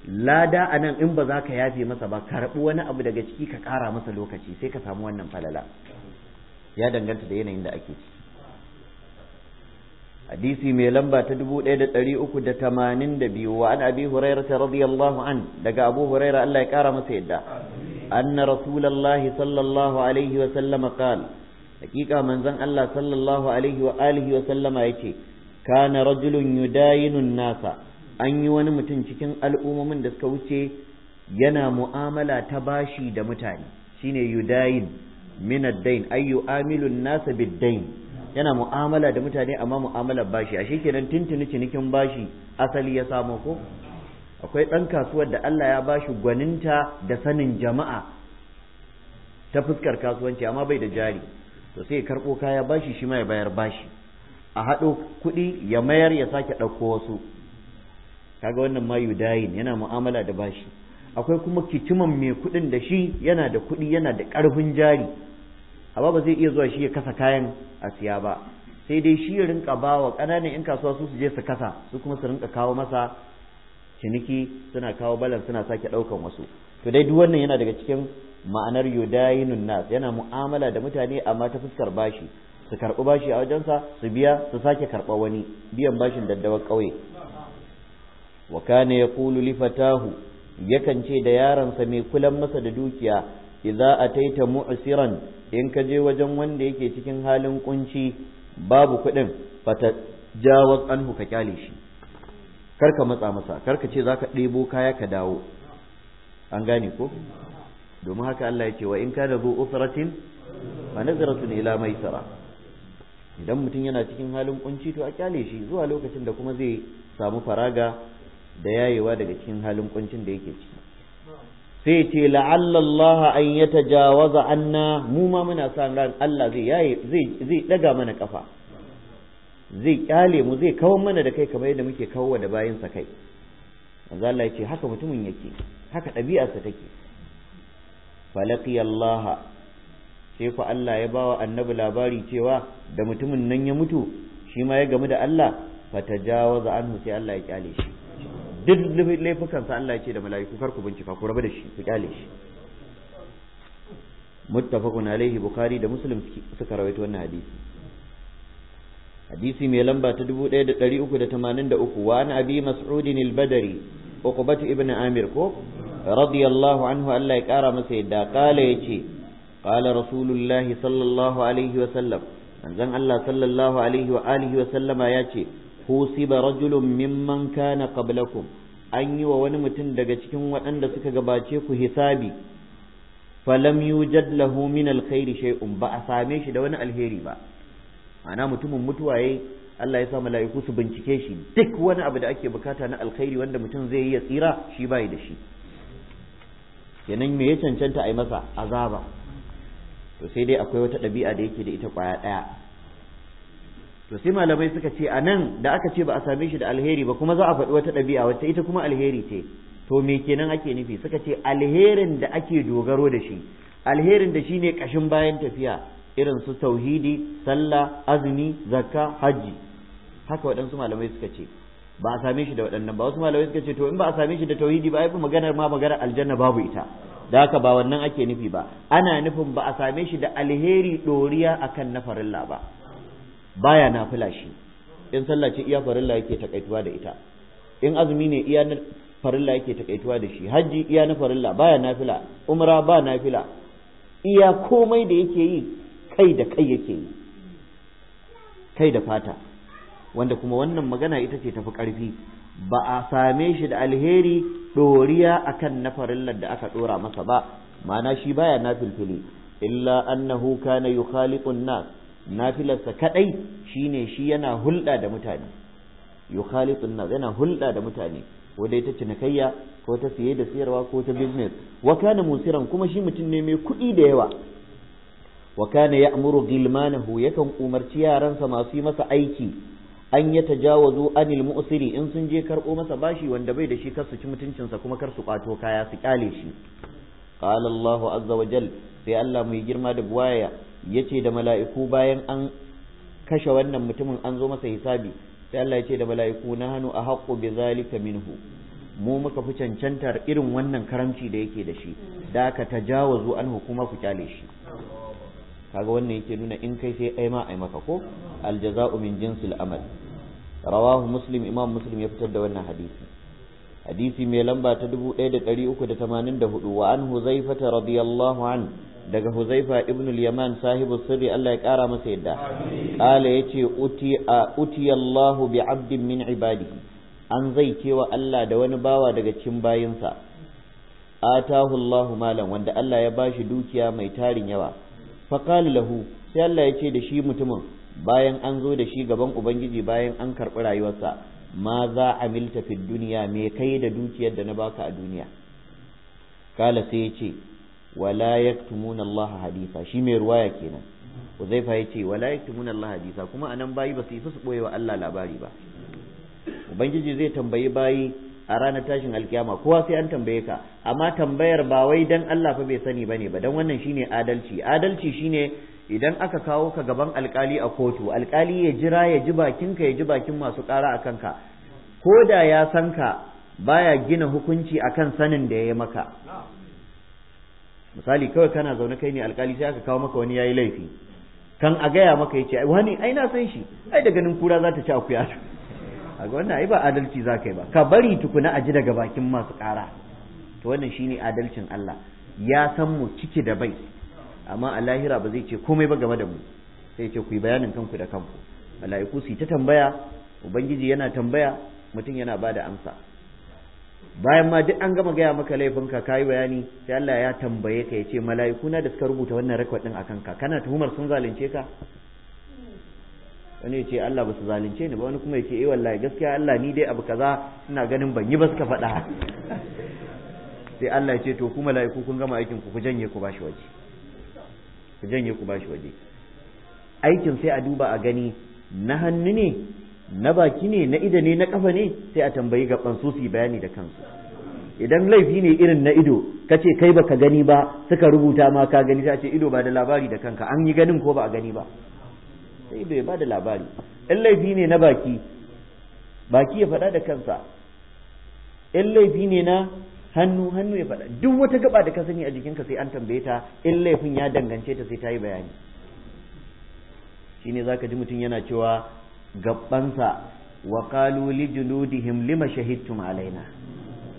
lada a nan in ba za ka yafe masa ba karɓi wani abu daga ciki ka kara masa lokaci sai ka samu wannan falala ya danganta da yanayin da ake حديث hadisi mai lamba ta dubu ɗaya da ɗari uku da tamanin da biyu wa an abi hurairata radiyallahu an daga abu huraira Allah ya ƙara masa yadda أن رسول الله صلى الله عليه وسلم قال حقيقة من زن الله صلى الله عليه وآله وسلم يتي كان رجل يداين الناس أن يوان cikin al'ummomin da suka wuce yana mu'amala ta bashi da mutane shine yudayin min ad-dain ay yana mu'amala da mutane amma mu'amalar bashi ashe kenan tuntuni cinikin bashi asali ya samu ko akwai ɗan kasuwar da Allah ya ba shi gwaninta da sanin jama'a ta fuskar kasuwanci amma bai da jari to sai ya karɓo kaya ba shi shi ma ya bayar ba shi. a haɗo kuɗi ya mayar ya sake ɗauko wasu kaga wannan ma yudayin yana mu'amala da bashi akwai kuma kitiman mai kuɗin da shi yana da kuɗi yana da ƙarfin jari amma ba zai iya zuwa shi ya kasa kayan a siya ba sai dai shi ya rinka bawa wa ƙananan 'yan kasuwa su su je su kasa su kuma su rinka kawo masa ciniki suna kawo balan suna sake ɗaukan wasu to dai duk wannan yana daga cikin ma'anar yudayinun nas yana mu'amala da mutane amma ta fuskar bashi su karɓi bashi a wajen sa su biya su sake karɓa wani biyan bashin daddawar ƙauye wa kana yaqulu li fatahu yakan ce da yaransa mai kulan masa da dukiya idza ataita mu'siran in ka je wajen wanda yake cikin halin kunci babu kuɗin fata jawaz anhu ka kyale shi kar ka matsa masa kar ka ce zaka ɗebo kaya ka dawo an gane ko domin haka Allah ya ce wa in kana zu usratin fa nazratun ila maisara idan mutum yana cikin halin kunci to a kyale shi zuwa lokacin da kuma zai samu faraga da yayewa daga cikin halin kuncin da yake ciki sai ce Allah an yatajawaza anna mu ma muna sa ran Allah zai yaye zai daga mana kafa zai kyale mu zai kawo mana da kai kamar yadda muke kawo da bayansa kai manzo Allah ya ce haka mutumin yake haka ɗabi'arsa take falaqiya Allah sai fa Allah ya bawa annabi labari cewa da mutumin nan ya mutu shi ma ya gamu da Allah fatajawaza anhu sai Allah ya kyale shi duk laifukansa Allah ya ce da mala'iku kar ku bincika ku rabu da shi ku kyale shi muttafaqun alaihi bukhari da muslim suka rawaito wannan hadisi hadisi mai lamba ta 1383 wa an abi mas'udin al-badri uqbat ibn amir ko radiyallahu anhu Allah ya kara masa yadda kala yace qala rasulullahi sallallahu alaihi wa sallam manzon Allah sallallahu alaihi wa alihi wa sallama yace husiba rajulun mimman kana qablakum an yi wa wani mutum daga cikin waɗanda suka gabace ku hisabi falam yujad lahu min alkhairi ba a same shi da wani alheri ba ma'ana mutumin mutuwa ya Allah ya sa mala'iku su bincike shi duk wani abu da ake bukata na alkhairi wanda mutum zai yi ya tsira shi bai da shi kenan me ya cancanta a yi masa azaba to sai dai akwai wata ɗabi'a da yake da ita kwaya ɗaya to sai malamai suka ce a nan da aka ce ba a same shi da alheri ba kuma za a faɗi wata ɗabi'a wacce ita kuma alheri ce to me kenan ake nufi suka ce alherin da ake dogaro da shi alherin da shi ne kashin bayan tafiya irin su tauhidi sallah azumi zakka Haji. haka waɗansu malamai suka ce ba a same shi da waɗannan ba wasu malamai suka ce to in ba a same shi da tauhidi ba ai maganar ma maganar aljanna babu ita da haka ba wannan ake nufi ba ana nufin ba a same shi da alheri doriya akan na farilla ba baya na fila shi in sallah ce iya farilla yake takaituwa da ita in azumi ne iya na farilla yake takaituwa da shi hajji iya na farilla baya fila. umra ba na fila. iya komai da yake yi kai da kai yake yi kai da fata wanda kuma wannan magana ita ce tafi ƙarfi ba a same shi da alheri ɗoriya akan na farillar da aka ɗora masa ba ma'ana shi baya na filfili illa annahu kana yukhaliqun nas nafilarsa kadai shine shi yana hulɗa da mutane yukhaliqun nas yana hulɗa da mutane ko ita ta cinikayya ko ta siye da siyarwa ko ta business wa kana musiran kuma shi mutum ne mai kuɗi da yawa wa kana ya'muru gilmanahu yakan umarci yaransa masu yi masa aiki an ya tajawazu anil mu'siri in sun je karbo masa bashi wanda bai da shi kar su ci mutuncinsa kuma kar su kwato kaya su kyale shi qala Allahu azza wa jal sai Allah mai girma da buwaya yace da mala'iku bayan an kashe wannan mutumin an zo masa hisabi sai Allah ya da mala'iku na hannu a haƙo bi zalika minhu mu muka fi cancantar irin wannan karamci da yake da shi da ka tajawazu an hukuma ku kyale shi kaga wannan yake nuna in kai sai ai ma ai maka ko aljaza'u min jinsil amal rawahu muslim imam muslim ya fitar da wannan hadisi hadisi mai lamba ta 1384 wa an huzaifata radiyallahu an daga Huzaifa ibn al-Yaman sahibu sirri Allah ya kara masa yadda qala yace uti Allahu bi 'abdin min ibadihi an zai cewa Allah da wani bawa daga cikin bayinsa atahu Allahu malan wanda Allah ya bashi dukiya mai tarin yawa faƙali lahu sai Allah ya ce da shi mutumin bayan an zo da shi gaban ubangiji bayan an karɓi rayuwarsa ma za a milta fi duniya me kai da dukiyar da na baka a duniya kala sai ya ce wala tumuna Allah hadisa shi mai ruwaya kenan Uzaifa ya ce wala tumuna Allah hadisa kuma anan bayi ba su isa su ɓoye wa Allah labari ba ubangiji zai tambayi bayi a ranar tashin alkiyama kowa sai an tambaye ka amma tambayar ba wai dan Allah fa bai sani bane ba dan wannan shine adalci adalci shine idan aka kawo ka gaban alkali a kotu alkali ya jira ya ji bakin ka ya ji bakin masu kara akan ka ko da ya san ka baya gina hukunci akan sanin da ya yi maka misali kawai kana zaune kai ne alkali sai aka kawo maka wani yayi laifi kan a gaya maka yace wani ai na san shi ai da ganin kura za ta ci akuya A ga wannan ai ba adalci za ka yi ba ka bari tukuna a ji daga bakin masu ƙara to wannan shine adalcin Allah ya san mu ciki da bai amma a lahira ba zai ce komai ba game da mu sai ce ku yi bayanin kanku da kanku mala'iku su ta tambaya ubangiji yana tambaya mutum yana ba da amsa bayan ma duk an gama gaya maka laifin ka kayi bayani sai Allah ya tambaye ka ya ce mala'iku na da suka rubuta wannan rekod akan ka kana tuhumar sun zalunce ka wani ya ce Allah ba su zalunce ni ba wani kuma ya ce eh wallahi gaskiya Allah ni dai abu kaza ina ganin ban yi ba suka faɗa sai Allah ya ce to kuma mala'iku kun gama aikin ku ku janye ku bashi waje ku janye ku bashi waje aikin sai a duba a gani na hannu ne na baki ne na ido ne na kafa ne sai a tambayi ga su su bayani da kansu idan laifi ne irin na ido ka ce kai baka gani ba suka rubuta ma ka gani sai a ce ido ba da labari da kanka an yi ganin ko ba a gani ba sai bai ba da labari in laifi ne na baki baki ya faɗa da kansa in laifi ne na hannu hannu ya faɗa duk wata gaba da ka sani a jikinka sai an tambaye ta in laifin ya dangance ta sai ta yi bayani Shi shine zaka ji mutum yana cewa gabbansa wa qalu li juludihim lima shahidtum alaina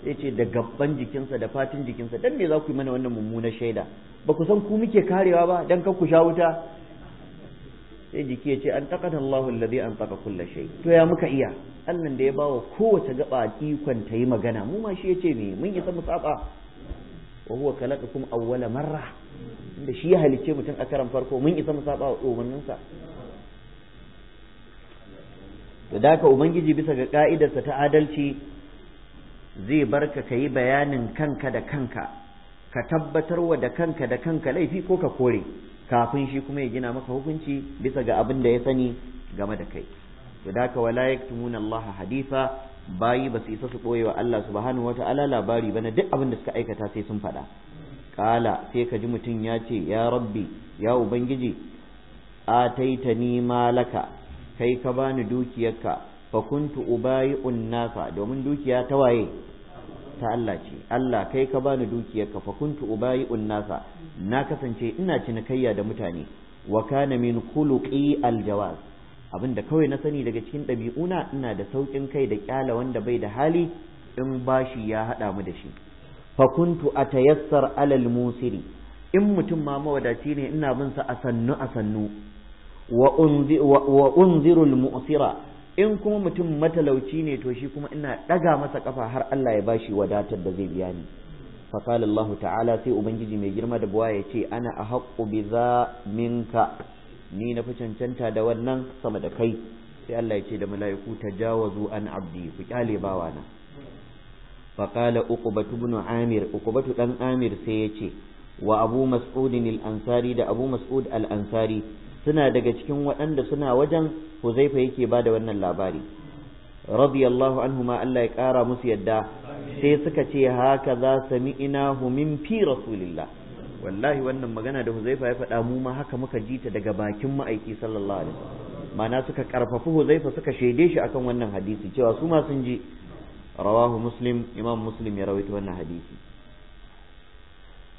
yace da gabban jikinsa da fatin jikinsa dan me za ku yi mana wannan mummunar shaida ba ku san ku muke karewa ba dan kar ku sha wuta sai jiki ya ce an takata Allahu alladhi an taka kulla shai to ya muka iya Allah da ya bawa kowace gaba ikon ta yi magana mu ma shi yace me mun isa mu saba wa huwa khalaqakum awwala marra inda shi ya halice mutum a karan farko mun isa mu saba wa umarninsa to da ka ubangiji bisa ga ka'idarsa ta adalci zai barka ka yi bayanin kanka da kanka ka tabbatarwa da kanka da kanka laifi ko ka kore kafin shi kuma ya gina maka hukunci bisa ga abin da ya sani game da kai to da ka wala yaktumuna Allah haditha bayi ba su isa su boye wa Allah subhanahu wata'ala labari bana duk abin da suka aikata sai sun faɗa kala sai ka ji mutum ya ce ya rabbi ya ubangiji a ni malaka kai ka bani dukiyarka fa kuntu ubayi'un nasa domin dukiya ta waye ta Allah ce Allah kai ka bani dukiyarka fa kuntu ubayi'un nasa na kasance ina cinikayya da mutane wa kana min khuluqi aljawaz abinda kawai na sani daga cikin ɗabi'una ina da saukin kai da kyala wanda bai da hali in bashi ya haɗa mu da shi Fakuntu kuntu atayassar alal musiri in mutum ma mawadaci ne ina bin sa a sannu a sannu wa unziru mu'sira in kuma mutum matalauci ne to shi kuma ina ɗaga masa kafa har Allah ya bashi wadatar da zai biya ni فقال ta'ala ta'ala sai ubangiji mai girma da buwa yace ana ahqqu bi za minka ni na fi cancanta da wannan sama da kai sai Allah yace da mala'iku tajawazu an abdi ku kyale bawana faqala uqbatu ibn amir uqbatu dan amir sai yace wa abu mas'udin al-ansari da abu mas'ud al-ansari suna daga cikin waɗanda suna wajen huzaifa yake ba da wannan labari radiyallahu anhu ma Allah ya ƙara musu yadda sai suka ce haka za sami ina min fi rasulillah wallahi wannan magana da huzaifa ya faɗa mu ma haka muka ji ta daga bakin ma'aiki sallallahu alaihi ma'ana suka karfafa huzaifa suka shaide shi akan wannan hadisi cewa su ma sun ji rawahu muslim imam muslim ya rawaita wannan hadisi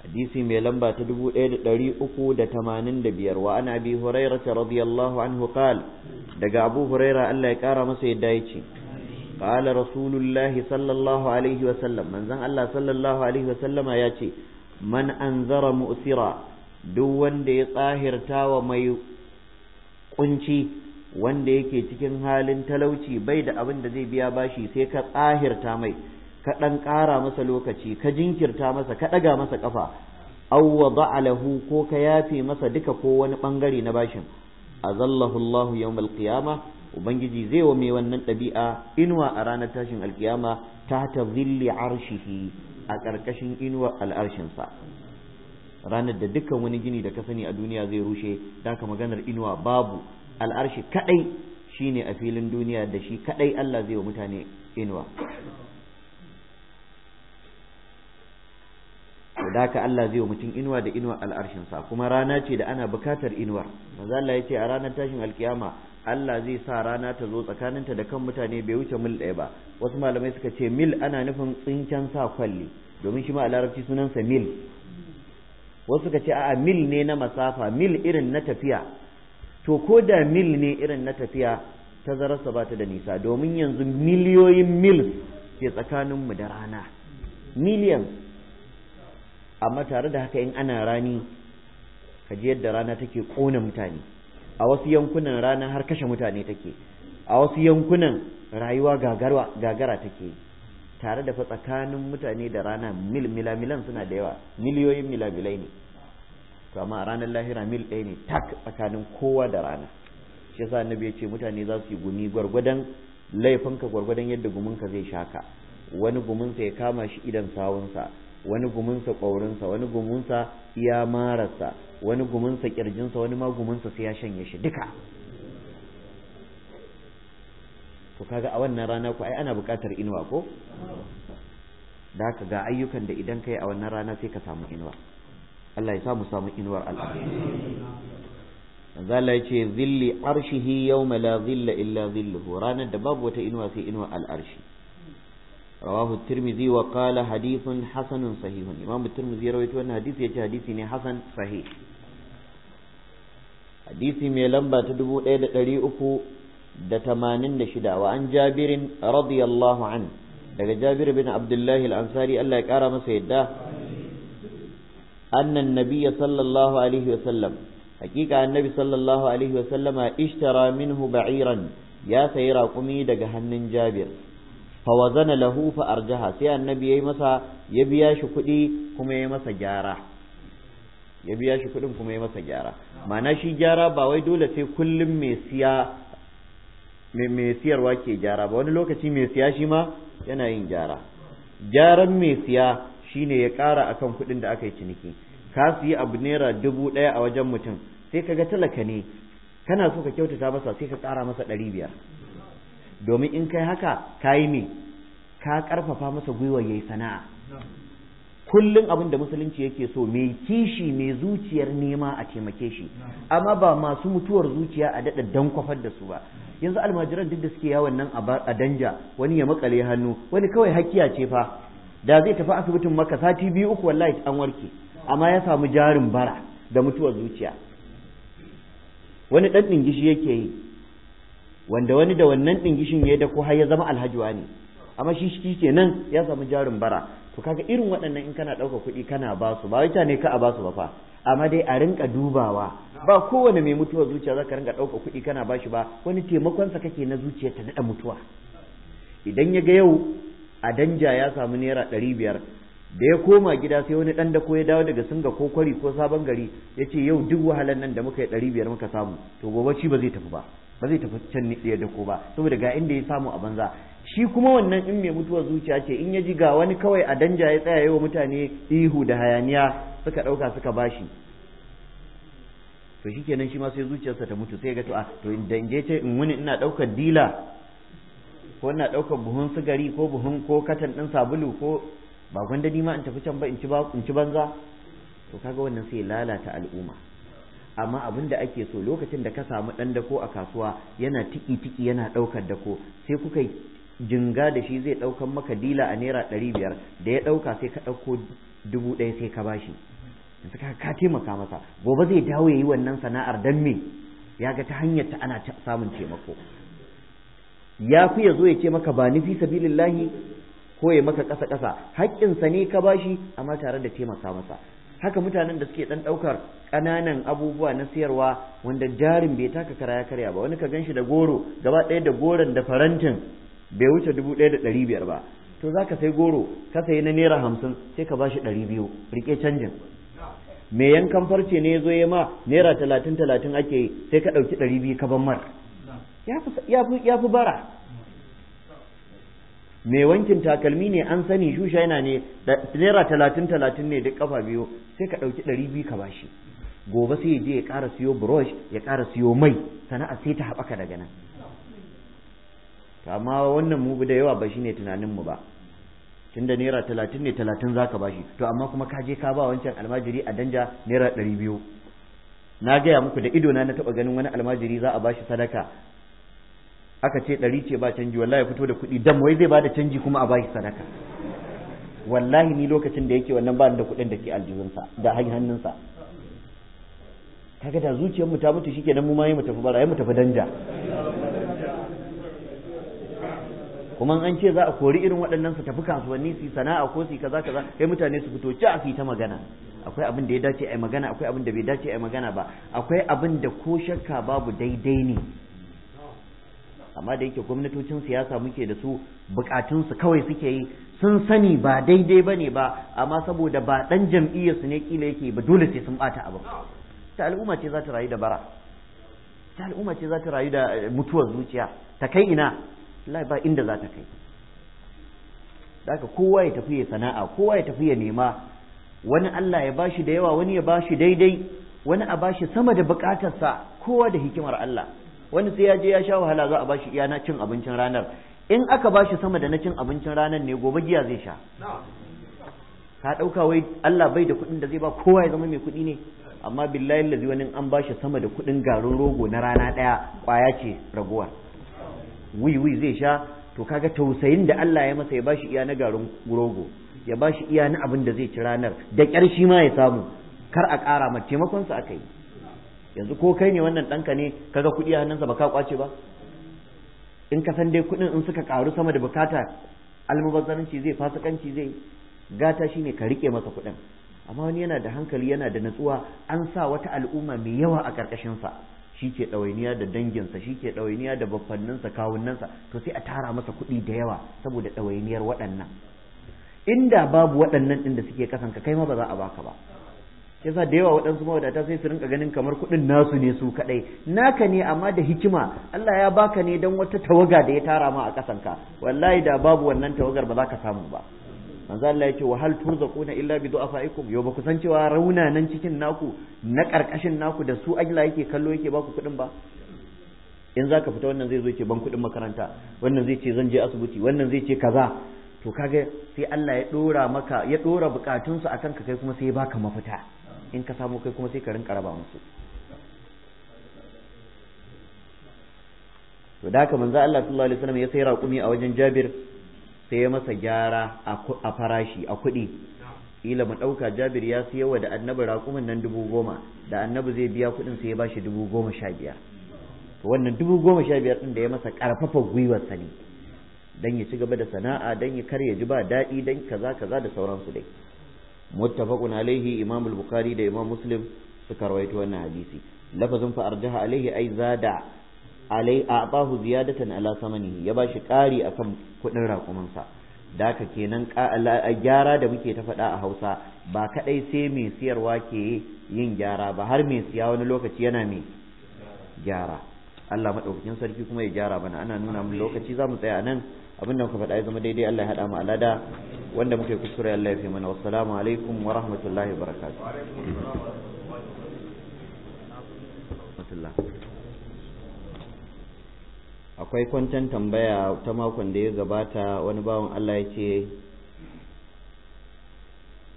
hadisi mai lamba ta 1385 wa ana bi hurairah radiyallahu anhu qal daga abu hurairah Allah ya kara masa yadda yace qala rasulullahi sallallahu alaihi wa sallam manzon Allah sallallahu alaihi wa sallama yace man anzara mu'sira duk wanda ya tsahirta wa mai ƙunci, wanda yake cikin halin talauci bai da abin da zai biya bashi sai ka tsahirta mai ka ɗan ƙara masa lokaci ka jinkirta masa ka ɗaga masa ƙafa aw wada'a lahu ko ka yafe masa duka ko wani ɓangare na bashin azallahu Allah yawmal qiyama ubangiji zai wa mai wannan ɗabi'a inuwa a ranar tashin alkiyama ta ta zilli arshihi a ƙarƙashin inuwa sa, ranar da dukkan wani gini da ka sani a duniya zai rushe daka maganar inuwa babu al'arshi kaɗai shine a filin duniya da shi kaɗai Allah zai wa mutane inuwa da haka Allah zai wa mutum inuwa da inuwa al'arshinsa kuma rana ce da ana bukatar inuwar manzo Allah ce a ranar tashin alkiyama Allah zai sa rana ta zo tsakaninta da kan mutane bai wuce mil ɗaya ba wasu malamai suka ce mil ana nufin tsinken sa kwalli domin shi ma a larabci sunansa mil wasu suka ce a'a mil ne na masafa mil irin na tafiya to ko da mil ne irin na tafiya tazararsa ba ta da nisa domin yanzu miliyoyin mil ke tsakaninmu da rana millions amma tare da haka in ana rani ka ji yadda rana take kona mutane a wasu yankunan rana har kashe mutane take a wasu yankunan rayuwa gagara take tare da fa tsakanin mutane da rana mil milamilan suna da yawa miliyoyin milamilai ne to amma ranar lahira mil ɗaya ne tak tsakanin kowa da rana shi yasa annabi ya ce mutane za su yi gumi gwargwadon laifinka gwargwadon yadda guminka zai shaka wani guminsa ya kama shi idan sawunsa wani gumunsa ƙwaurinsa wani gumunsa iya marasa, wani gumunsa ƙirjinsa wani ma gumunsa sai ya shanye shi duka to kaga a wannan rana ku ai ana buƙatar inuwa ko da ka ga ayyukan da idan kai a wannan rana sai ka samu inuwa Allah ya sa mu samu inuwar Allah manzo Allah yace zilli arshihi yawma la zilla illa zilluhu ranar da babu wata inuwa sai inuwa al'arshi rawahu tirmidhi wa qala hadithun hasanun sahihun imam tirmidhi rawaito wannan hadisi yace hadisi ne hasan sahih hadisi mai lamba ta 1386 wa an jabirin radiyallahu an daga jabir bin abdullahi ala ansari Allah ya kara masa yadda annan nabiyya sallallahu alaihi wa sallam hakika annabi sallallahu alaihi wa sallama ishtara minhu ba'iran ya sayi raƙumi daga hannun jabir fawazana lahu fa arjaha sai annabi yayi masa ya biya shi kuɗi kuma yayi masa gyara ya biya shi kuɗin kuma yayi masa gyara ma'ana shi gyara ba wai dole sai kullum mai siya mai siyarwa ke gyara ba wani lokaci mai siya shi ma yana yin gyara gyaran mai siya shine ya ƙara akan kuɗin da aka yi ciniki ka siyi abu naira dubu ɗaya a wajen mutum sai ka ga talaka ne kana so ka kyautata masa sai ka ƙara masa ɗari biyar domin in kai haka ka yi me ka karfafa masa gwiwa ya yi sana'a kullum abin da musulunci yake so mai kishi mai zuciyar nema a taimake shi amma ba masu mutuwar zuciya a daɗa dan kwafar da su ba yanzu almajiran duk da suke yawon nan a danja wani ya makale hannu wani kawai hakiya ce fa da zai tafi asibitin maka sati biyu uku wallahi an warke amma ya samu jarin bara da mutuwar zuciya wani ɗan gishi yake yi wanda wani da wannan din gishin ya dako har ya zama alhaji ne amma shi shi kenan ya samu jarin bara to kaga irin waɗannan in kana ɗauka kuɗi kana ba su ba wata ne ka a ba su ba fa amma dai a rinka dubawa ba kowane mai mutuwa zuciya zaka rinka ɗauka kuɗi kana ba shi ba wani sa kake na zuciya ta daɗa mutuwa idan ya ga yau a danja ya samu naira ɗari biyar da ya koma gida sai wani ɗan da ko ya dawo daga singa ko kwari ko sabon gari ya ce yau duk wahalar nan da muka yi ɗari biyar muka samu to gobe shi ba zai tafi ba ba zai tafi can ya dako ba saboda ga inda ya samu a banza shi kuma wannan in mai mutuwar zuciya ce in ya ji ga wani kawai a danja ya tsaya yawa mutane ihu da hayaniya suka ɗauka suka bashi to shi kenan shi ma sai zuciyarsa ta mutu sai ga to a ah, to in je ce in wuni ina ɗaukar dila ko ina ɗaukar buhun sigari ko buhun ko katan ɗin sabulu ko ba gwanda ma in tafi can ba in ci banza to kaga wannan sai lalata al'umma amma abin da ake so lokacin da ka samu ɗan dako a kasuwa yana tiki-tiki yana ɗaukar dako sai kuka jinga da shi zai ɗaukan maka dila a naira ɗari biyar da ya ɗauka sai ka ɗauko dubu ɗaya sai ka bashi yanzu ka ka taimaka masa gobe zai dawo ya yi wannan sana'ar dan me ya ga ta hanyar ta ana samun taimako ya fi ya zo ya ce maka ba nufi sabilillahi ko ya maka ƙasa ƙasa haƙƙinsa ne ka bashi amma tare da taimaka masa haka mutanen da suke dan daukar ƙananan abubuwa na siyarwa wanda jarin bai taka kara ya karya ba wani ka ganshi da goro gaba ɗaya da goron da farantin bai wuce dubu ɗaya da ɗari biyar ba to za ka sai goro ka sayi na naira hamsin sai ka bashi ɗari biyu rike canjin me yankan farce ne zo ya ma naira talatin talatin ake yi sai ka ɗauki ɗari biyu ka ban mar ya fi bara mai wankin takalmi ne an sani shusha yana ne naira talatin talatin ne duk kafa biyu sai ka ɗauki ɗari biyu ka bashi gobe sai ya je ya ƙara siyo brush ya ƙara siyo mai sana'a sai ta haɓaka daga nan amma wannan mu da yawa ba shi shine mu ba tun da naira talatin ne talatin za ka bashi to amma kuma ka je ka ba wancan almajiri a danja naira ɗari biyu na gaya muku da idona na taɓa ganin wani almajiri za a bashi sadaka aka ce ɗari ce ba canji wallahi fito da kuɗi dan wai zai bada canji kuma a baki sadaka wallahi ni lokacin da yake wannan ba da kuɗin da ke aljihunsa da hannunsa kaga da zuciyar mu ta mutu nan mu ma yi mu tafi bara mu tafi danja kuma an ce za a kori irin waɗannan su tafi kasuwanni su sana'a ko su kaza kaza kai mutane su fito ci a fi ta magana akwai abin da ya dace a magana akwai abin da bai dace a magana ba akwai abin da ko shakka babu daidai ne amma da yake gwamnatocin siyasa muke da su bukatunsu kawai suke yi sun sani ba daidai ba ne ba amma saboda ba dan jam'iyyar su ne kila yake ba dole sai sun bata abu ta al'umma ce za ta rayu da bara ta al'umma ce za ta rayu da eh, mutuwar zuciya ta kai ina wallahi ba inda za ta kai daga kowa ya tafi ya sana'a kowa ya tafi ya nema wani Allah ya bashi da yawa wani ya bashi daidai wani a bashi sama da bukatarsa kowa da hikimar Allah wani sai ya je ya sha wahala za a bashi iya na cin abincin ranar in aka bashi sama da na cin abincin ranar ne gobe giya zai sha ka ɗauka wai Allah bai da kuɗin da zai ba kowa ya zama mai kuɗi ne amma billahi lazi wani an bashi sama da kuɗin garin rogo na rana ɗaya kwaya ce raguwar wiwi zai sha to kaga tausayin da Allah ya masa ya bashi iya na garin rogo ya bashi iya na abin da zai ci ranar da ƙarshi shi ma ya samu kar a ƙara ma taimakonsa aka yi yanzu ko kai ne wannan ɗanka ne kaga kuɗi a hannunsa ba ka kwace ba in ka san dai kuɗin in suka karu sama da bukata almubazzaranci zai fasikanci zai gata shi ne ka rike masa kuɗin amma wani yana da hankali yana da natsuwa an sa wata al'umma mai yawa a ƙarƙashinsa shi ke ɗawainiya da danginsa shi ke ɗawainiya da baffanninsa, kawunninsa to sai a tara masa kuɗi da yawa saboda ɗawainiyar waɗannan inda babu waɗannan ɗin da suke kasanka kai ma ba za a baka ba yasa da yawa waɗansu mawadata sai su rinka ganin kamar kuɗin nasu ne su kaɗai naka ne amma da hikima Allah ya baka ne don wata tawaga da ya tara ma a ka wallahi da babu wannan tawagar ba za ka samu ba manzo Allah yake wa hal turzaquna illa bi du'afaikum yau ba ku san cewa rauna nan cikin naku na karkashin naku da su Allah yake kallo yake baku kuɗin ba in zaka fita wannan zai zo ce ban kuɗin makaranta wannan zai ce zan je asibiti wannan zai ce kaza to kaga sai Allah ya dora maka ya dora bukatunsu akan ka kai kuma sai ya baka mafita in ka samu kai kuma sai ka rinka raba musu to da haka manzo Allah sallallahu alaihi wasallam ya sai raƙumi a wajen Jabir sai ya masa gyara a farashi a kuɗi ila mu ɗauka Jabir ya siya wa da annabi raƙumin nan dubu goma da annabi zai biya kuɗin sai ya bashi dubu goma sha biyar to wannan dubu goma sha biyar ɗin da ya masa ƙarfafa gwiwar Sani, dan ya ci gaba da sana'a dan ya karya ji ba daɗi dan kaza kaza da sauransu dai muttafaqun alayhi imam al-bukhari da imam muslim suka rawaito wannan hadisi lafazin fa arjaha alayhi ai zada alai a'tahu ziyadatan ala samanihi ya bashi kari akan kudin raƙumansa da haka kenan gyara da muke ta faɗa a Hausa ba kadai sai mai siyarwa ke yin gyara ba har mai siya wani lokaci yana mai gyara Allah madaukakin sarki kuma ya gyara bana ana nuna mu lokaci za mu tsaya nan abin da muka faɗa ya zama daidai Allah ya haɗa mu alada wanda muka yi kuskure Allah ya fi mana wassalamu alaikum wa rahmatullahi wa akwai kwantan tambaya ta makon da ya gabata wani bawan Allah ya ce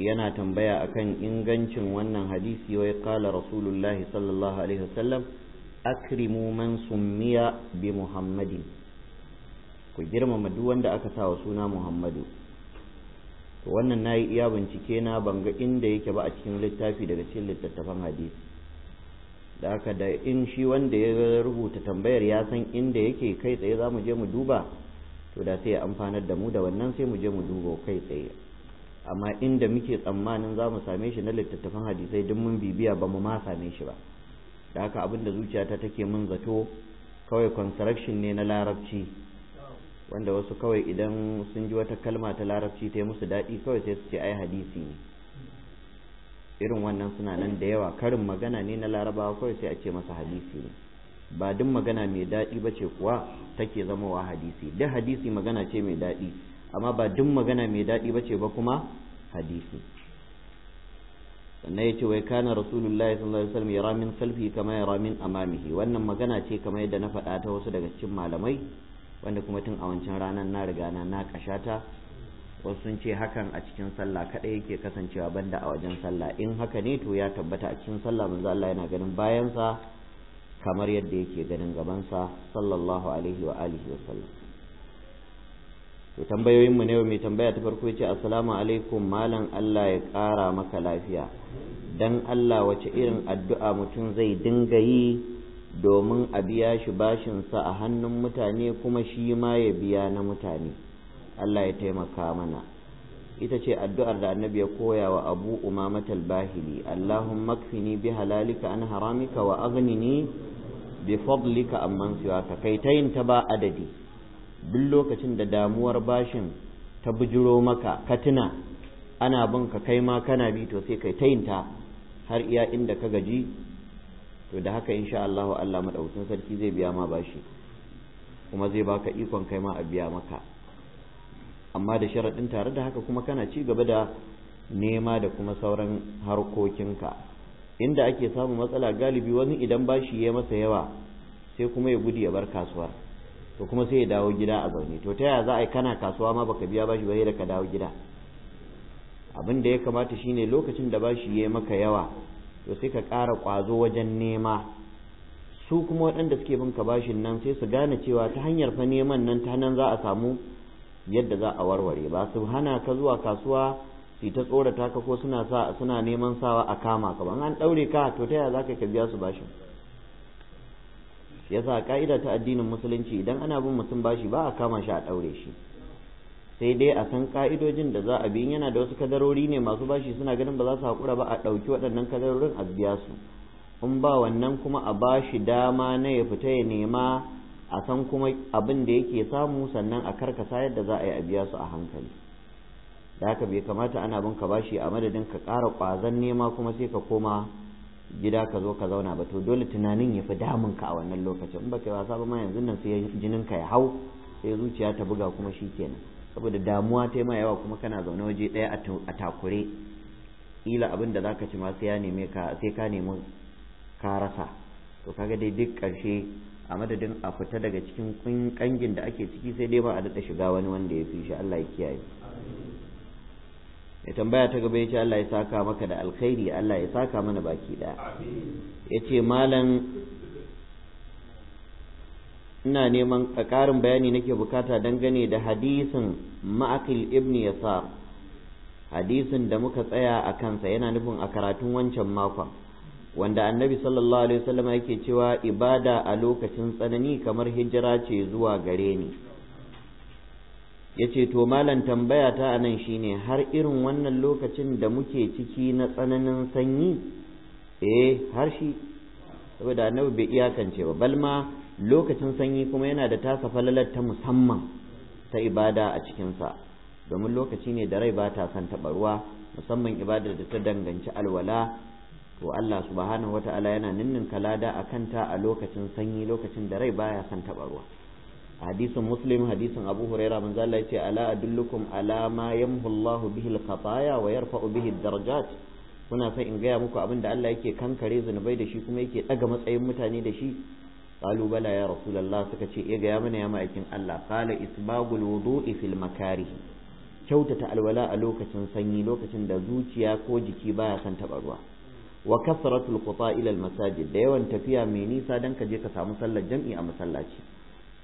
yana tambaya akan ingancin wannan hadisi wai kala rasulullahi sallallahu alaihi wasallam akrimu man summiya bi muhammadin ku girmama duk wanda aka sa wa suna muhammadu to wannan na iya bincike na ban ga inda yake ba a cikin littafi daga cikin littattafan hadisi da haka da in shi wanda ya rubuta tambayar ya san inda yake kai tsaye za mu je mu duba to da sai ya amfanar da mu da wannan sai mu je mu duba kai tsaye amma inda muke tsammanin za mu same shi na littattafan hadisai duk mun bibiya ba mu ma same shi ba da haka abinda zuciyata take mun zato kawai construction ne na larabci wanda wasu kawai idan sun ji wata kalma ta larabci ta yi musu daɗi kawai sai su ce ai hadisi ne irin wannan suna nan da yawa karin magana ne na larabawa kawai sai a ce masa hadisi ne ba duk magana mai daɗi ba ce kuwa take zamowa hadisi duk hadisi magana ce mai daɗi amma ba duk magana mai daɗi ba ce ba kuma hadisi sannan ya ce wai kana rasulullahi sallallahu alaihi wasallam yara min salfi kama yara min amamihi wannan magana ce kamar yadda na faɗa ta wasu daga cikin malamai wanda kuma tun a wancan ranar na riga na na kashata wasu sun ce hakan a cikin sallah kadai yake kasancewa banda a wajen sallah in haka ne to ya tabbata a cikin sallah manzo Allah yana ganin bayansa kamar yadda yake ganin gabansa sallallahu alaihi wa alihi wa sallam to tambayoyin mu ne mai tambaya ta farko yace assalamu alaikum malam Allah ya kara maka lafiya dan Allah wace irin addu'a mutum zai dinga yi domin a biya shi bashinsa a hannun mutane kuma shi ma ya biya na mutane Allah ya taimaka mana ita ce addu'ar da annabi ya koya wa abu umamatal bahili Allahumma makfini bi halalika an haramika wa aghnini bi fadlika amman siwaka kai ta yin ta ba adadi duk lokacin da damuwar bashin ta bujiro maka ka ana bin ka kai ma kana bi to sai kai ta yin ta har iya inda ka gaji to da haka insha Allah Allah madaukakin sarki zai biya ma bashi kuma zai baka ikon kai ma a biya maka amma da sharaɗin tare da haka kuma kana ci gaba da nema da kuma sauran harkokinka inda ake samun matsala galibi wani idan bashi ya masa yawa sai kuma ya gudu ya bar kasuwar to kuma sai ya dawo gida a zaune to ta yaya za a yi kana kasuwa ma baka biya bashi ba sai da ka dawo gida abin da ya kamata shine lokacin da bashi ya maka yawa to sai ka ƙara ƙwazo wajen nema su kuma waɗanda suke bin ka bashin nan sai su gane cewa ta hanyar fa neman nan ta nan za a samu yadda za a warware ba su hana ka zuwa kasuwa su ta tsorata ka ko suna sa suna neman sawa a kama ka ban an ɗaure ka to ta yaya za ka biya su bashin yasa ka'ida ta addinin musulunci idan ana bin mutum bashi ba a kama shi a ɗaure shi sai dai a san ka'idojin da za a bi yana da wasu kadarori ne masu bashi suna ganin ba za su haƙura ba a ɗauki waɗannan kadarorin a biya su in ba wannan kuma a bashi dama na ya fita ya nema a san kuma abin da yake samu sannan a karkasa yadda za a yi a biya su a hankali da haka bai kamata ana bin ka bashi a madadin ka ƙara ƙwazon nema kuma sai ka koma gida ka zo ka zauna ba to dole tunanin ya fi damun ka a wannan lokacin in ba kai wasa ba ma yanzu nan sai jinin ka ya hau sai zuciya ta buga kuma shi kenan. saboda damuwa ta ma yawa kuma kana zaune waje ɗaya a takure ila abin da za ka ci ma sai ya neme ka sai ka nemi ka rasa to kaga dai duk ƙarshe a madadin a fita daga cikin kangin da ake ciki sai dai ba a daɗa shiga wani wanda ya fi shi Allah ya kiyaye ya tambaya ta gaba ya ce Allah ya saka maka da alkhairi Allah ya saka mana baki ɗaya ya ce malam ina neman ƙarin bayani nake bukata dangane da hadisin ma'akil ibn yasar hadisin da muka tsaya a kansa yana nufin a karatun wancan makon wanda annabi sallallahu alaihi wasallam yake cewa ibada a lokacin tsanani kamar hijira ce zuwa gare ni yace to malam tambaya ta anan shine har irin wannan lokacin da muke ciki na tsananin sanyi eh har shi saboda annabi bai iyakance ba balma lokacin sanyi kuma yana da tasa falalar ta musamman ta ibada a cikinsa domin lokaci ne da rai ba ta son taɓa ruwa musamman ibadar da ta danganci alwala to Allah subhanahu wata'ala yana ninnin kalada a kanta a lokacin sanyi lokacin da rai baya son taɓa ruwa hadisin muslim hadisin abu huraira manzo Allah yace ala adullukum ala ma yamhu Allah bihi al wa yarfa'u bihi darajat kuna sai in gaya muku abin da Allah yake kankare zunubai da shi kuma yake daga matsayin mutane da shi qalu bala ya rasulullah suka ce eh ga ya mana ya ma'aikin Allah qala isbagul wudu'i fil makarih kyautata alwala a lokacin sanyi lokacin da zuciya ko jiki baya kan taba ruwa wa kasratul quta ila al masajid da yawan tafiya mai nisa dan ka je ka samu sallar jam'i a masallaci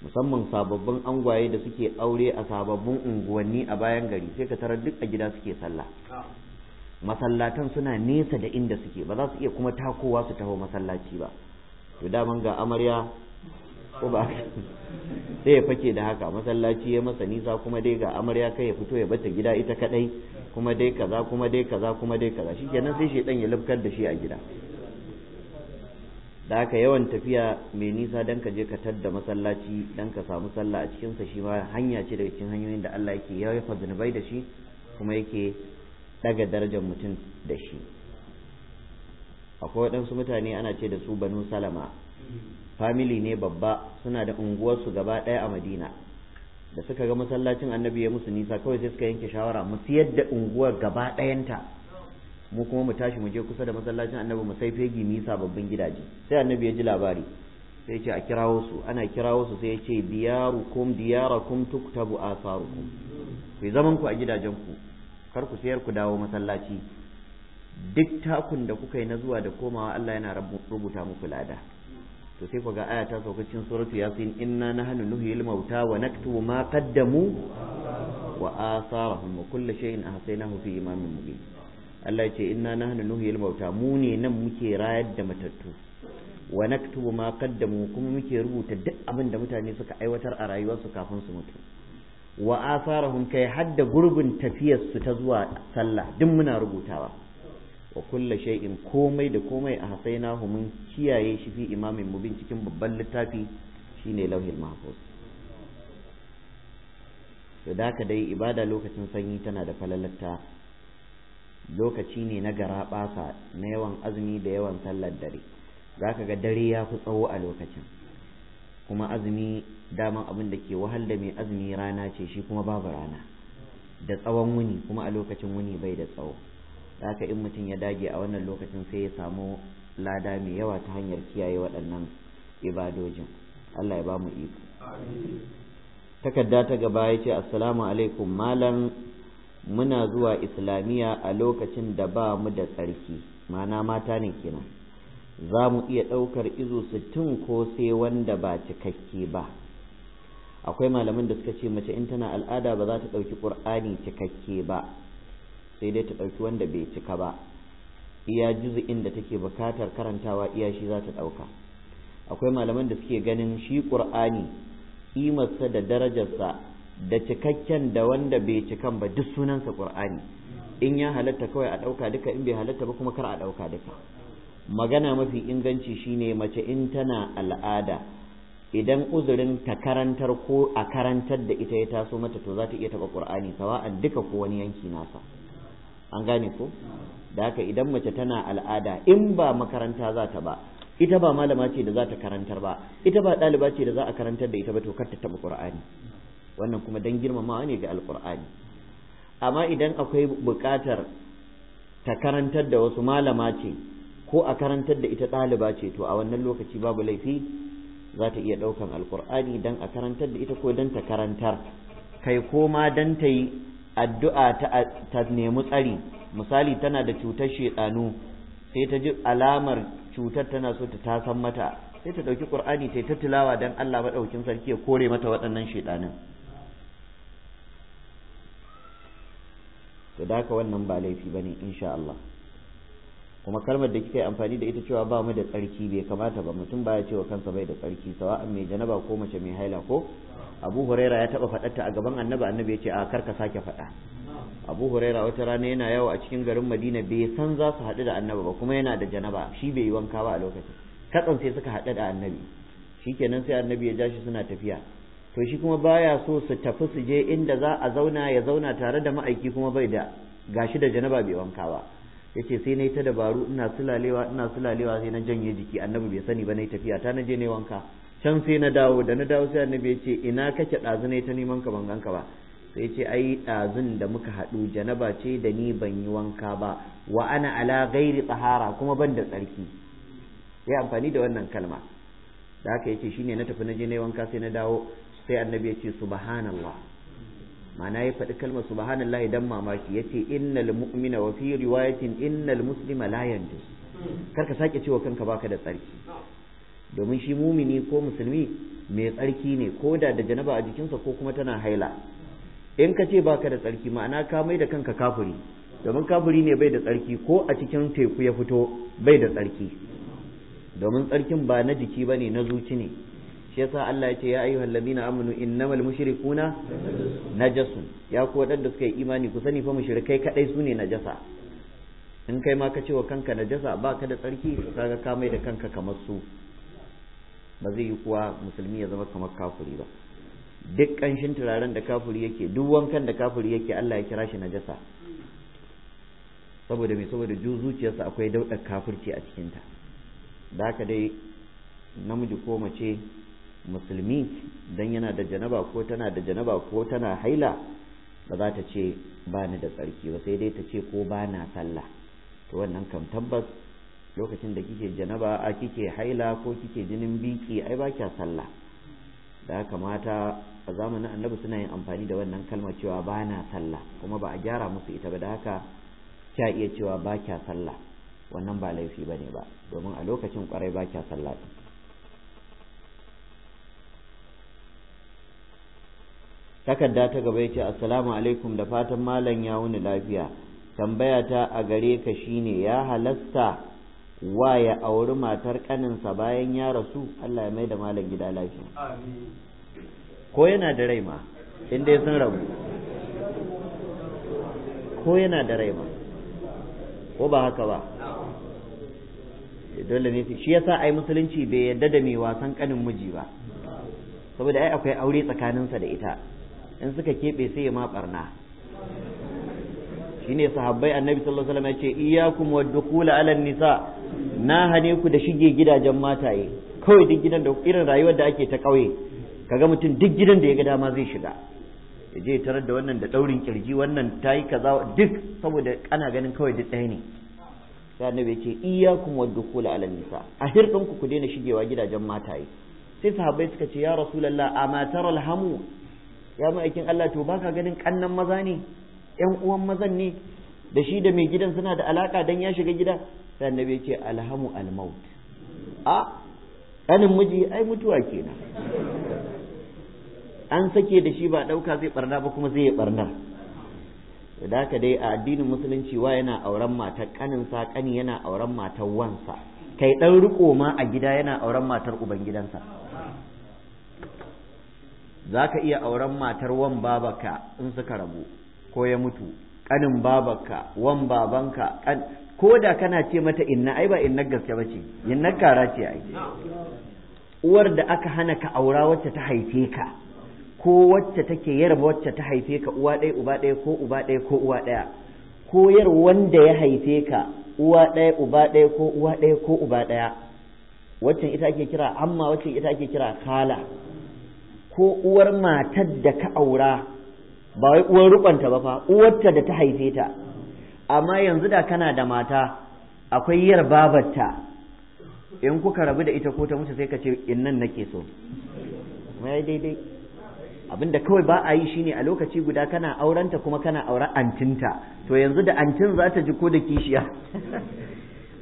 musamman sababbin angwaye da suke aure a sababbin unguwanni a bayan gari sai ka tarar duk a gida suke sallah masallatan suna nesa da inda suke ba za su iya kuma takowa su taho masallaci ba to daman ga amarya ko ba sai ya fake da haka masallaci ya masa nisa kuma dai ga amarya kai ya fito ya bata gida ita kadai kuma dai kaza kuma dai kaza kuma dai kaza shikenan sai shedan ya lubkar da shi a gida da haka yawan tafiya mai nisa dan ka je ka tadda masallaci dan ka samu sallah a cikin sa shi ma hanya ce da cikin hanyoyin da Allah yake yawa zunubai da shi kuma yake daga darajar mutum da shi akwai waɗansu mutane ana ce da su banu salama famili ne babba suna da unguwarsu gaba ɗaya a madina da suka ga masallacin annabi ya musu nisa kawai sai suka yanke shawara mu siyar da unguwar gaba ɗayanta mu kuma mu tashi mu je kusa da masallacin annabi mu sai fegi mu yi sababbin gidaje sai annabi ya ji labari sai ce a kirawo su ana kirawo su sai ya ce diyarukum diyarakum tuktabu asarukum ku zaman ku a gidajen ku kar ku sayar ku dawo masallaci duk takun da kuka yi na zuwa da komawa Allah yana rubuta muku lada to sai ku ga aya ta sauka cikin suratu yasin inna nahnu nuhyil mauta wa naktubu ma qaddamu wa asarahum wa kullu shay'in ahsaynahu fi imamin mubin Allah yace inna nahnu nuhyil mauta mu ne nan muke rayar da matattu wa naktubu ma qaddamu kuma muke rubuta duk abin da mutane suka aiwatar a rayuwarsu kafin su mutu wa asarahum kai hadda gurbin su ta zuwa sallah duk muna rubutawa wa kulla shay'in komai da komai a hasaina mun kiyaye shi fi imamin mubin cikin babban littafi shine lauhil mahfuz to da ka dai ibada lokacin sanyi tana da falalatta lokaci ne na gara basa na yawan azumi da yawan sallar dare zaka ga dare ya fi tsawo a lokacin kuma azumi daman abin da ke wahal da mai azumi rana ce shi kuma babu rana da tsawon wuni kuma a lokacin wuni bai da tsawo haka in mutum ya dage a wannan lokacin sai ya samu lada mai yawa ta hanyar kiyaye waɗannan ibadojin Allah ya ba mu iko takarda ta gaba ya ce assalamu alaikum malam muna zuwa islamiyya a lokacin da ba mu da tsarki mana mata ne kenan za mu iya ɗaukar izo sittin ko sai wanda ba cikakke ba akwai malaman da suka ce mace in tana al'ada ba za ta ɗauki ƙur'ani cikakke ba sai dai ta ɗauki wanda bai cika ba iya in da take bukatar karantawa iya shi za ta ɗauka akwai malaman da suke ganin shi ƙur'ani ƙimarsa da darajarsa da cikakken da wanda bai cikan ba duk sunansa ƙur'ani in ya halatta kawai a ɗauka duka in bai halatta ba kuma kar a ɗauka duka magana mafi inganci shine mace in tana al'ada idan uzurin ta karantar ko a karantar da ita ya taso mata to za ta iya taɓa ƙur'ani sawa'an duka ko wani yanki nasa an gane ko da haka idan mace tana al'ada in ba makaranta za ta ba ita ba malama ce da za ta karantar ba ita ba ɗaliba ce da za a karantar da ita ba to kar ta taɓa ƙur'ani wannan kuma dan girmamawa ne ga alƙur'ani amma idan akwai buƙatar ta karantar da wasu malama ce ko a karantar da ita ɗaliba ce to a wannan lokaci babu laifi za ta iya ɗaukan alƙur'ani don a karantar da ita ko don ta karantar kai ko ma don ta yi addu'a ta nemi tsari misali tana da cutar shedanu sai ta ji alamar cutar tana so ta tasan mata sai ta ɗauki ƙur'ani ta yi ta tilawa don Allah maɗaukin sarki ya kore mata waɗannan shedanin to da wannan ba laifi ba ne insha Allah kuma kalmar da kika amfani da ita cewa ba mu da tsarki bai kamata ba mutum baya cewa kansa bai da tsarki sawa'an mai janaba ko mace mai haila ko abu huraira ya taba fadatta a gaban annabi annabi ya ce a kar ka sake fada abu huraira wata rana yana yawo a cikin garin madina bai san za su haɗu da annabi ba kuma yana da janaba shi bai yi wanka ba a lokacin katsan sai suka haɗu da annabi shikenan sai annabi ya ja shi suna tafiya to shi kuma baya so su tafi su je inda za a zauna ya zauna tare da ma'aiki kuma bai da gashi da janaba bai wanka ba yace sai na yi ta dabaru ina sulalewa ina sulalewa sai na janye jiki annabi bai sani ba na yi tafiya ta na je ne wanka can sai na dawo da na dawo sai annabi ya ce ina kake ɗazu na yi ta neman ka ban ganka ba sai ce ai ɗazun da muka haɗu janaba ce da ni ban yi wanka ba wa ana ala gairi tsahara kuma ban da tsarki ya amfani da wannan kalma da haka yace shine na tafi na je na wanka sai na dawo sai annabi ya ce subhanallah ma'ana ya faɗi kalmar subhanallahi dan mamaki yace innal mu'mina wa fi riwayatin innal muslima la yanjus kar ka sake cewa kanka baka da tsarki domin shi mumini ko musulmi mai tsarki ne ko da da janaba a jikinsa ko kuma tana haila in ka ce baka da tsarki ma'ana ka mai da kanka kafuri, domin kafuri ne bai da tsarki ko a cikin teku ya fito bai da tsarki domin tsarkin ba na jiki bane na zuci ne shi yasa Allah ya ce ya ayyuhal ladina amanu innamal mushrikuna najasun ya ku wadanda suka yi imani ku sani fa mushrikai kadai sune najasa in kai ma ka ce wa kanka najasa ba ka da tsarki kaga ka mai da kanka kamar su ba zai yi kuwa musulmi ya zama kamar kafuri ba duk kanshin turaren da kafuri yake duk wankan da kafuri yake Allah ya kira shi najasa saboda mai saboda ju zuciyarsa akwai daudar kafirci a cikinta da haka dai namiji ko mace musulmi dan yana da janaba ko tana da janaba ko tana haila ba za ta ce ba ni da tsarki ba sai dai ta ce ko ba na sallah to wannan kam tabbas lokacin da kike janaba a kike haila ko kike jinin biki ai ba kya sallah da haka mata a zamanin annabi suna yin amfani da wannan kalma cewa ba na sallah kuma ba a gyara musu ita ba da haka kya iya cewa ba kya sallah wannan ba laifi ba ne ba domin a lokacin kwarai ba kya sallah takarda ta gaba yace assalamu alaikum da fatan malam ya wuni lafiya tambaya ta a gare ka shine ya halasta wa ya auri matar kaninsa bayan ya rasu Allah ya mai da malam gida lafiya ko yana da rai ma in dai sun rabu ko yana da rai ma ko ba haka ba dole ne shi yasa ai musulunci bai yadda da mai wasan kanin miji ba saboda ai akwai aure tsakaninsa da ita in suka keɓe sai ya ma Shi ne sahabbai annabi sallallahu alaihi wasallam ya ce iyyakum wad-dukhul ala nisa na hane ku da shige gidajen mataye kawai duk gidan da irin rayuwar da ake ta kauye kaga mutum duk gidan da ya ga dama zai shiga ya je tarar da wannan da daurin kirji wannan tayi kaza duk saboda ana ganin kawai duk ɗaya ne sai annabi ya ce iyyakum wad-dukhul ala nisa a hirɗin ku ku daina shigewa gidajen mataye sai sahabbai suka ce ya rasulullah a matar alhamu. ya aikin Allah to baka ganin kannan maza ne yan uwan mazan ne da shi da mai gidan suna da alaka dan ya shiga gida sai annabi ce alhamu almaut a kanin miji ai mutuwa kenan an sake da shi ba ɗauka zai barna ba kuma zai barna da haka dai a addinin musulunci wa yana auren matar kaninsa kani yana auren matar wansa kai ɗan riko ma a gida yana auren matar ubangidansa za ka iya auren matar wan babaka in suka rabu ko ya mutu Kanin babaka wan babanka ko da kana ce mata inna ai ba inna gaske ba ce kara ce ai uwar da aka hana ka aura wacce ta haife ka ko wacce take yarba wacce ta haife ka uwa ɗaya uba ɗaya ko uba ɗaya ko uwa ɗaya ko yar wanda ya haife ka uwa ɗaya uba ɗaya ko uwa ɗaya ko uba ɗaya waccan ita ake kira amma waccan ita ake kira kala ko uwar matar da ka aura ba wai uwar rubanta ba fa uwarta da ta haife ta amma yanzu da kana da mata akwai yar babarta in kuka rabu da ita ko ta mutu sai ka ce innan nake so mai daidai abinda kawai ba a yi shine a lokaci guda kana auranta kuma kana aura antinta to yanzu da antin za ta ji ko da kishiya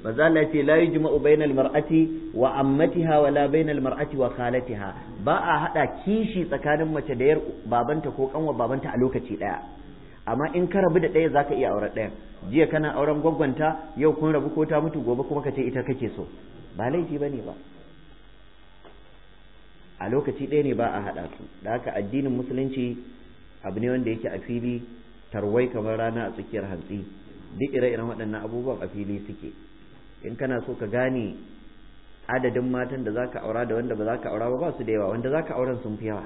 baza Allah ce la yujma'u bainal mar'ati wa ammatiha wa la bainal mar'ati wa khalatiha ba a hada kishi tsakanin mace da yar babanta ko kanwa babanta a lokaci daya amma in ka rabu da ɗaya zaka iya auren daya jiya kana auren gwaggwanta yau kun rabu ko ta mutu gobe kuma ka ita kake so ba laifi bane ba a lokaci ɗaya ne ba a haɗa su da haka addinin musulunci abu ne wanda yake a fili tarwai kamar rana a tsakiyar hantsi duk ire-iren waɗannan abubuwan a fili suke in kana so ka gane adadin matan da zaka aura da wanda ba zaka aura ba ba su da yawa wanda zaka auren sun fi yawa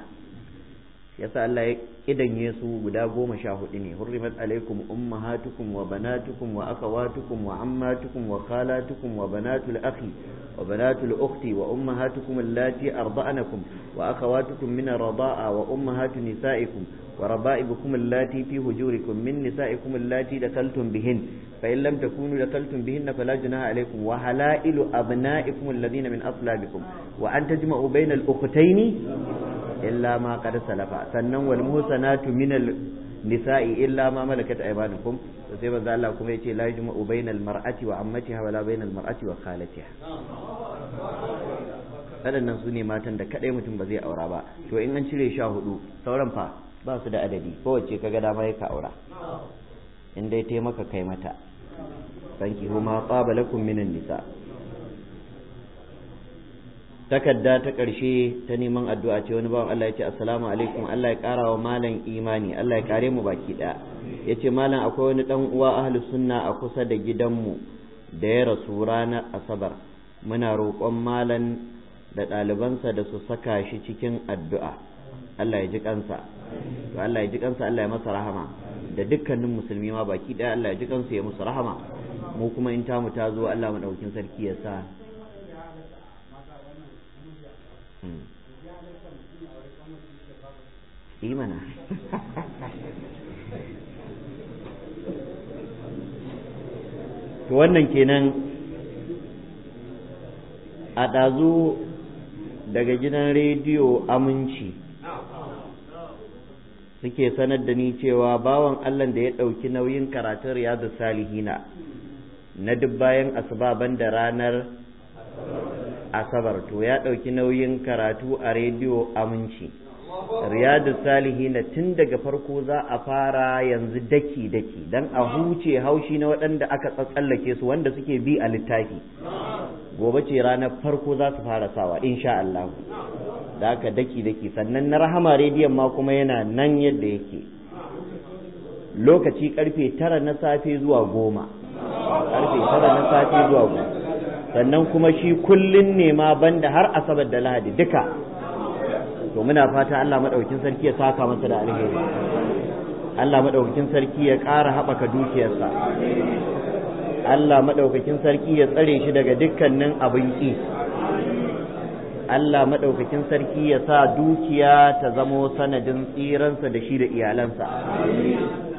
yasa Allah ya kidanye su guda goma sha hudu ne hurrimat alaikum ummahatukum wa banatukum wa akhawatukum wa ammatukum wa khalatukum wa banatul akhi wa banatul ukhti wa ummahatukum allati arda'anakum wa akhawatukum min ar radaa wa ummahatu nisa'ikum وربائبكم اللاتي في هجوركم من نسائكم اللاتي دخلتم بهن فإن لم تكونوا دخلتم بهن فلا جناح عليكم وحلائل أبنائكم الذين من أصلابكم وأن تجمعوا بين الأختين إلا ما قد سلف سنن والمحسنات من النساء إلا ما ملكت أيمانكم sai manzo Allah kuma yace la yujma'u bainal mar'ati wa ammatiha wala bainal mar'ati wa khalatiha waɗannan su ne matan da kaɗai mutum ba zai aura ba to in an cire sha hudu sauran fa ba su da adadi kowace kaga dama ya ka aura in dai taimaka kai mata sanki huma tsaba lakum minan nisa takarda ta karshe ta neman addu'a ce wani bawan Allah ya ce assalamu alaikum Allah ya ƙara wa malam imani Allah ya kare mu baki ɗaya ya ce malam akwai wani ɗan uwa ahli sunna a kusa da gidanmu da ya rasu ranar asabar muna roƙon malam da ɗalibansa da su saka shi cikin addu'a Allah ya ji kansa to Allah ya ji kansa Allah ya masa rahama da dukkanin musulmi ma baki daya Allah ya ji kansa ya musu rahama mu kuma in tamu ta zo Allah daukin sarki ya sa hmm. imana to wannan kenan a ɗazu daga gidan rediyo aminci suke sanar da ni cewa bawan Allah da ya ɗauki nauyin karatun riyadu salihina na duk bayan asuba da ranar asabar to ya ɗauki nauyin karatu a rediyo aminci riyadu salihina tun daga farko za a fara yanzu daki-daki don a huce haushi na waɗanda aka tsallake su wanda suke bi a littafi gobe ce ranar farko za su fara sawa insha Allah da aka daki daki sannan na rahama rediyon ma kuma yana nan yadda yake lokaci karfe tara na safe zuwa goma karfe tara na safe zuwa goma sannan kuma shi kullun ne ma banda har asabar da lahadi duka to muna fata Allah maɗaukin sarki ya saka masa da alheri Allah maɗaukin sarki ya ƙara haɓaka dukiyarsa Allah maɗaukakin sarki ya tsare shi daga dukkanin abin ƙi Allah maɗaukakin sarki ya sa dukiya ta zamo sanadin tsiransa da shi da iyalansa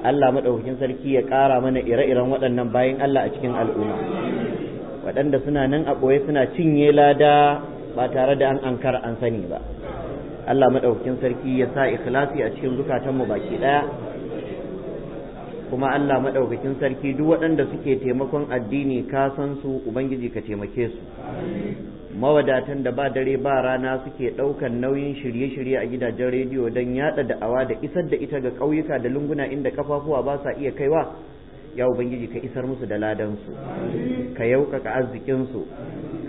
Allah maɗaukakin sarki ya ƙara mana ire-iren waɗannan bayan Allah a cikin al'umma waɗanda suna nan a ɓoye suna cinye lada ba tare da an ankar an sani ba Allah maɗaukakin sarki ya sa ikhlasi a cikin zukatanmu baki ɗaya kuma Allah maɗaukakin sarki duk waɗanda suke taimakon addini ka san su ubangiji ka taimake su mawadatan da ba dare ba rana suke ɗaukan nauyin shirye-shirye a gidajen rediyo don yaɗa da'awa da isar da ita ga ƙauyuka da lunguna inda kafafuwa ba sa iya kaiwa ya ubangiji ka isar musu da ladansu ka yaukaka arzikinsu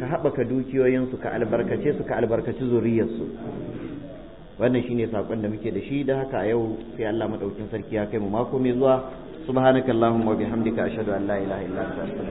ka haɓaka dukiyoyinsu ka albarkace su ka albarkaci zuriyarsu wannan shine sakon da muke da shi da haka a yau sai Allah madaukin sarki ya kai mu mako mai zuwa subhanakallahumma wa bihamdika ashhadu an la ilaha illa anta